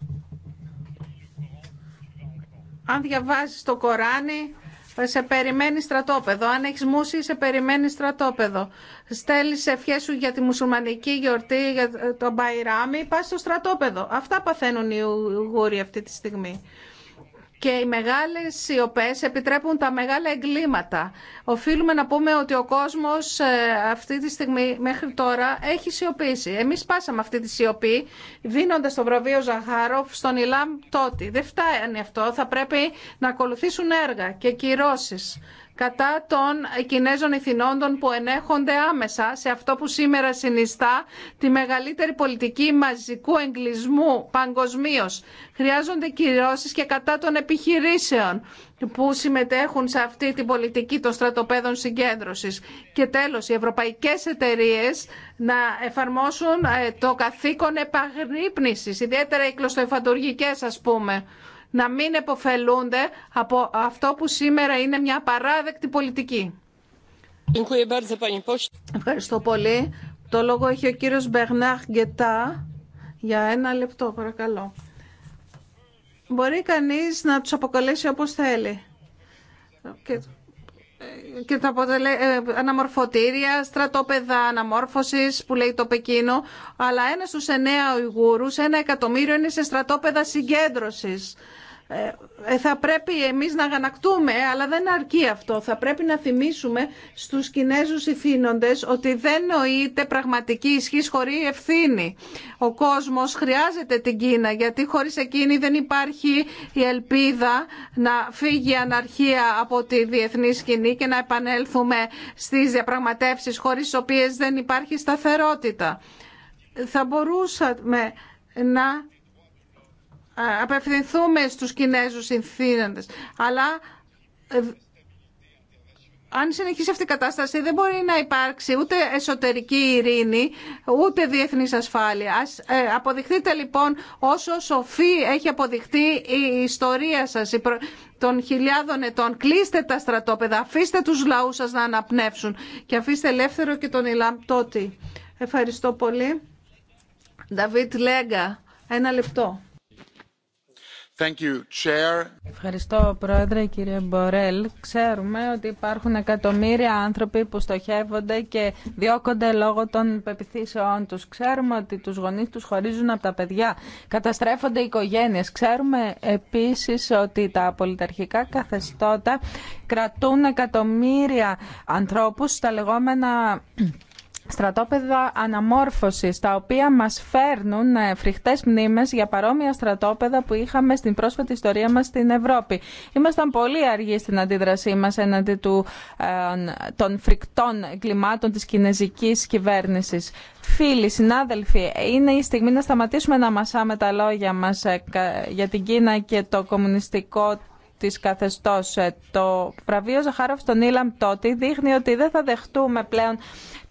Speaker 2: Αν διαβάζεις το Κοράνι, σε περιμένει στρατόπεδο. Αν έχεις μουσεί, σε περιμένει στρατόπεδο. Στέλνεις ευχές σου για τη μουσουλμανική γιορτή, για τον Μπαϊράμι, πας στο στρατόπεδο. Αυτά παθαίνουν οι Ουγγούροι αυτή τη στιγμή και οι μεγάλες σιωπές επιτρέπουν τα μεγάλα εγκλήματα. Οφείλουμε να πούμε ότι ο κόσμος ε, αυτή τη στιγμή μέχρι τώρα έχει σιωπήσει. Εμείς πάσαμε αυτή τη σιωπή δίνοντας το βραβείο Ζαχάροφ στον Ιλάμ τότε. Δεν φτάνει αυτό, θα πρέπει να ακολουθήσουν έργα και κυρώσεις κατά των Κινέζων ηθινόντων που ενέχονται άμεσα σε αυτό που σήμερα συνιστά τη μεγαλύτερη πολιτική μαζικού εγκλισμού παγκοσμίω. Χρειάζονται κυρώσεις και κατά των επιχειρήσεων που συμμετέχουν σε αυτή την πολιτική των στρατοπέδων συγκέντρωσης. Και τέλος, οι ευρωπαϊκές εταιρείες να εφαρμόσουν ε, το καθήκον επαγρύπνησης, ιδιαίτερα οι κλωστοεφαντουργικές ας πούμε να μην επωφελούνται από αυτό που σήμερα είναι μια παράδεκτη πολιτική. Ευχαριστώ πολύ. Το λόγο έχει ο κύριος Μπερνάχ Γκετά. Για ένα λεπτό, παρακαλώ. Μπορεί κανείς να τους αποκαλέσει όπως θέλει και τα ε, αναμορφωτήρια, στρατόπεδα αναμόρφωση που λέει το Πεκίνο, αλλά ένα στου εννέα Ουιγούρους, ένα εκατομμύριο είναι σε στρατόπεδα συγκέντρωσης. Ε, ε, θα πρέπει εμείς να γανακτούμε, αλλά δεν αρκεί αυτό. Θα πρέπει να θυμίσουμε στους Κινέζους ηθήνοντες ότι δεν νοείται πραγματική ισχύ χωρί ευθύνη. Ο κόσμος χρειάζεται την Κίνα, γιατί χωρίς εκείνη δεν υπάρχει η ελπίδα να φύγει η αναρχία από τη διεθνή σκηνή και να επανέλθουμε στις διαπραγματεύσεις χωρίς τις δεν υπάρχει σταθερότητα. Θα μπορούσαμε να απευθυνθούμε στους Κινέζους συνθήναντες. Αλλά ε, αν συνεχίσει αυτή η κατάσταση δεν μπορεί να υπάρξει ούτε εσωτερική ειρήνη ούτε διεθνής ασφάλεια. Ας ε, λοιπόν όσο σοφή έχει αποδειχτεί η ιστορία σας των χιλιάδων ετών. Κλείστε τα στρατόπεδα, αφήστε τους λαούς σας να αναπνεύσουν και αφήστε ελεύθερο και τον Ιλάμ Τότι. Ευχαριστώ πολύ.
Speaker 1: Νταβίτ Λέγκα, ένα λεπτό. Ευχαριστώ, Πρόεδρε, κύριε Μπορέλ. Ξέρουμε ότι υπάρχουν εκατομμύρια άνθρωποι που στοχεύονται και διώκονται λόγω των πεπιθήσεών τους. Ξέρουμε ότι τους γονείς τους χωρίζουν από τα παιδιά. Καταστρέφονται οι οικογένειες. Ξέρουμε επίσης ότι τα πολιταρχικά καθεστώτα κρατούν εκατομμύρια ανθρώπους στα λεγόμενα στρατόπεδα αναμόρφωσης, τα οποία μας φέρνουν ε, φρικτές μνήμες για παρόμοια στρατόπεδα που είχαμε στην πρόσφατη ιστορία μας στην Ευρώπη. Ήμασταν πολύ αργοί στην αντίδρασή μας έναντι του, των φρικτών κλιμάτων της κινέζικης κυβέρνησης. Φίλοι, συνάδελφοι, είναι η στιγμή να σταματήσουμε να μασάμε τα λόγια μας ε, για την Κίνα και το κομμουνιστικό της καθεστώς. Ε, το βραβείο Ζαχάροφ στον Ήλαμ τότε δείχνει ότι δεν θα δεχτούμε πλέον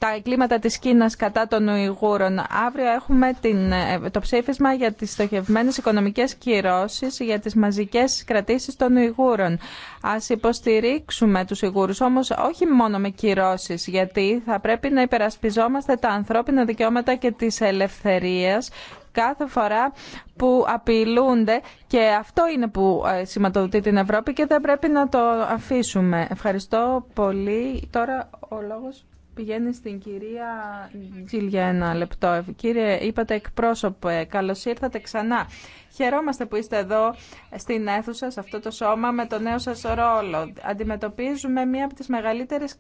Speaker 1: τα εγκλήματα της Κίνας κατά των Ουιγούρων. Αύριο έχουμε την, ε, το ψήφισμα για τις στοχευμένες οικονομικές κυρώσεις για τις μαζικές κρατήσεις των Ουιγούρων. Ας υποστηρίξουμε τους Ουιγούρους όμως όχι μόνο με κυρώσεις γιατί θα πρέπει να υπερασπιζόμαστε τα ανθρώπινα δικαιώματα και τις ελευθερίες κάθε φορά που απειλούνται και αυτό είναι που ε, σηματοδοτεί την Ευρώπη και δεν πρέπει να το αφήσουμε. Ευχαριστώ πολύ. Τώρα ο λόγος Πηγαίνει στην κυρία Τζιλ ένα λεπτό. Κύριε, είπατε εκπρόσωπο, καλώς ήρθατε ξανά. Χαιρόμαστε που είστε εδώ στην αίθουσα, σε αυτό το σώμα, με το νέο σας ρόλο. Αντιμετωπίζουμε μία από τις μεγαλύτερες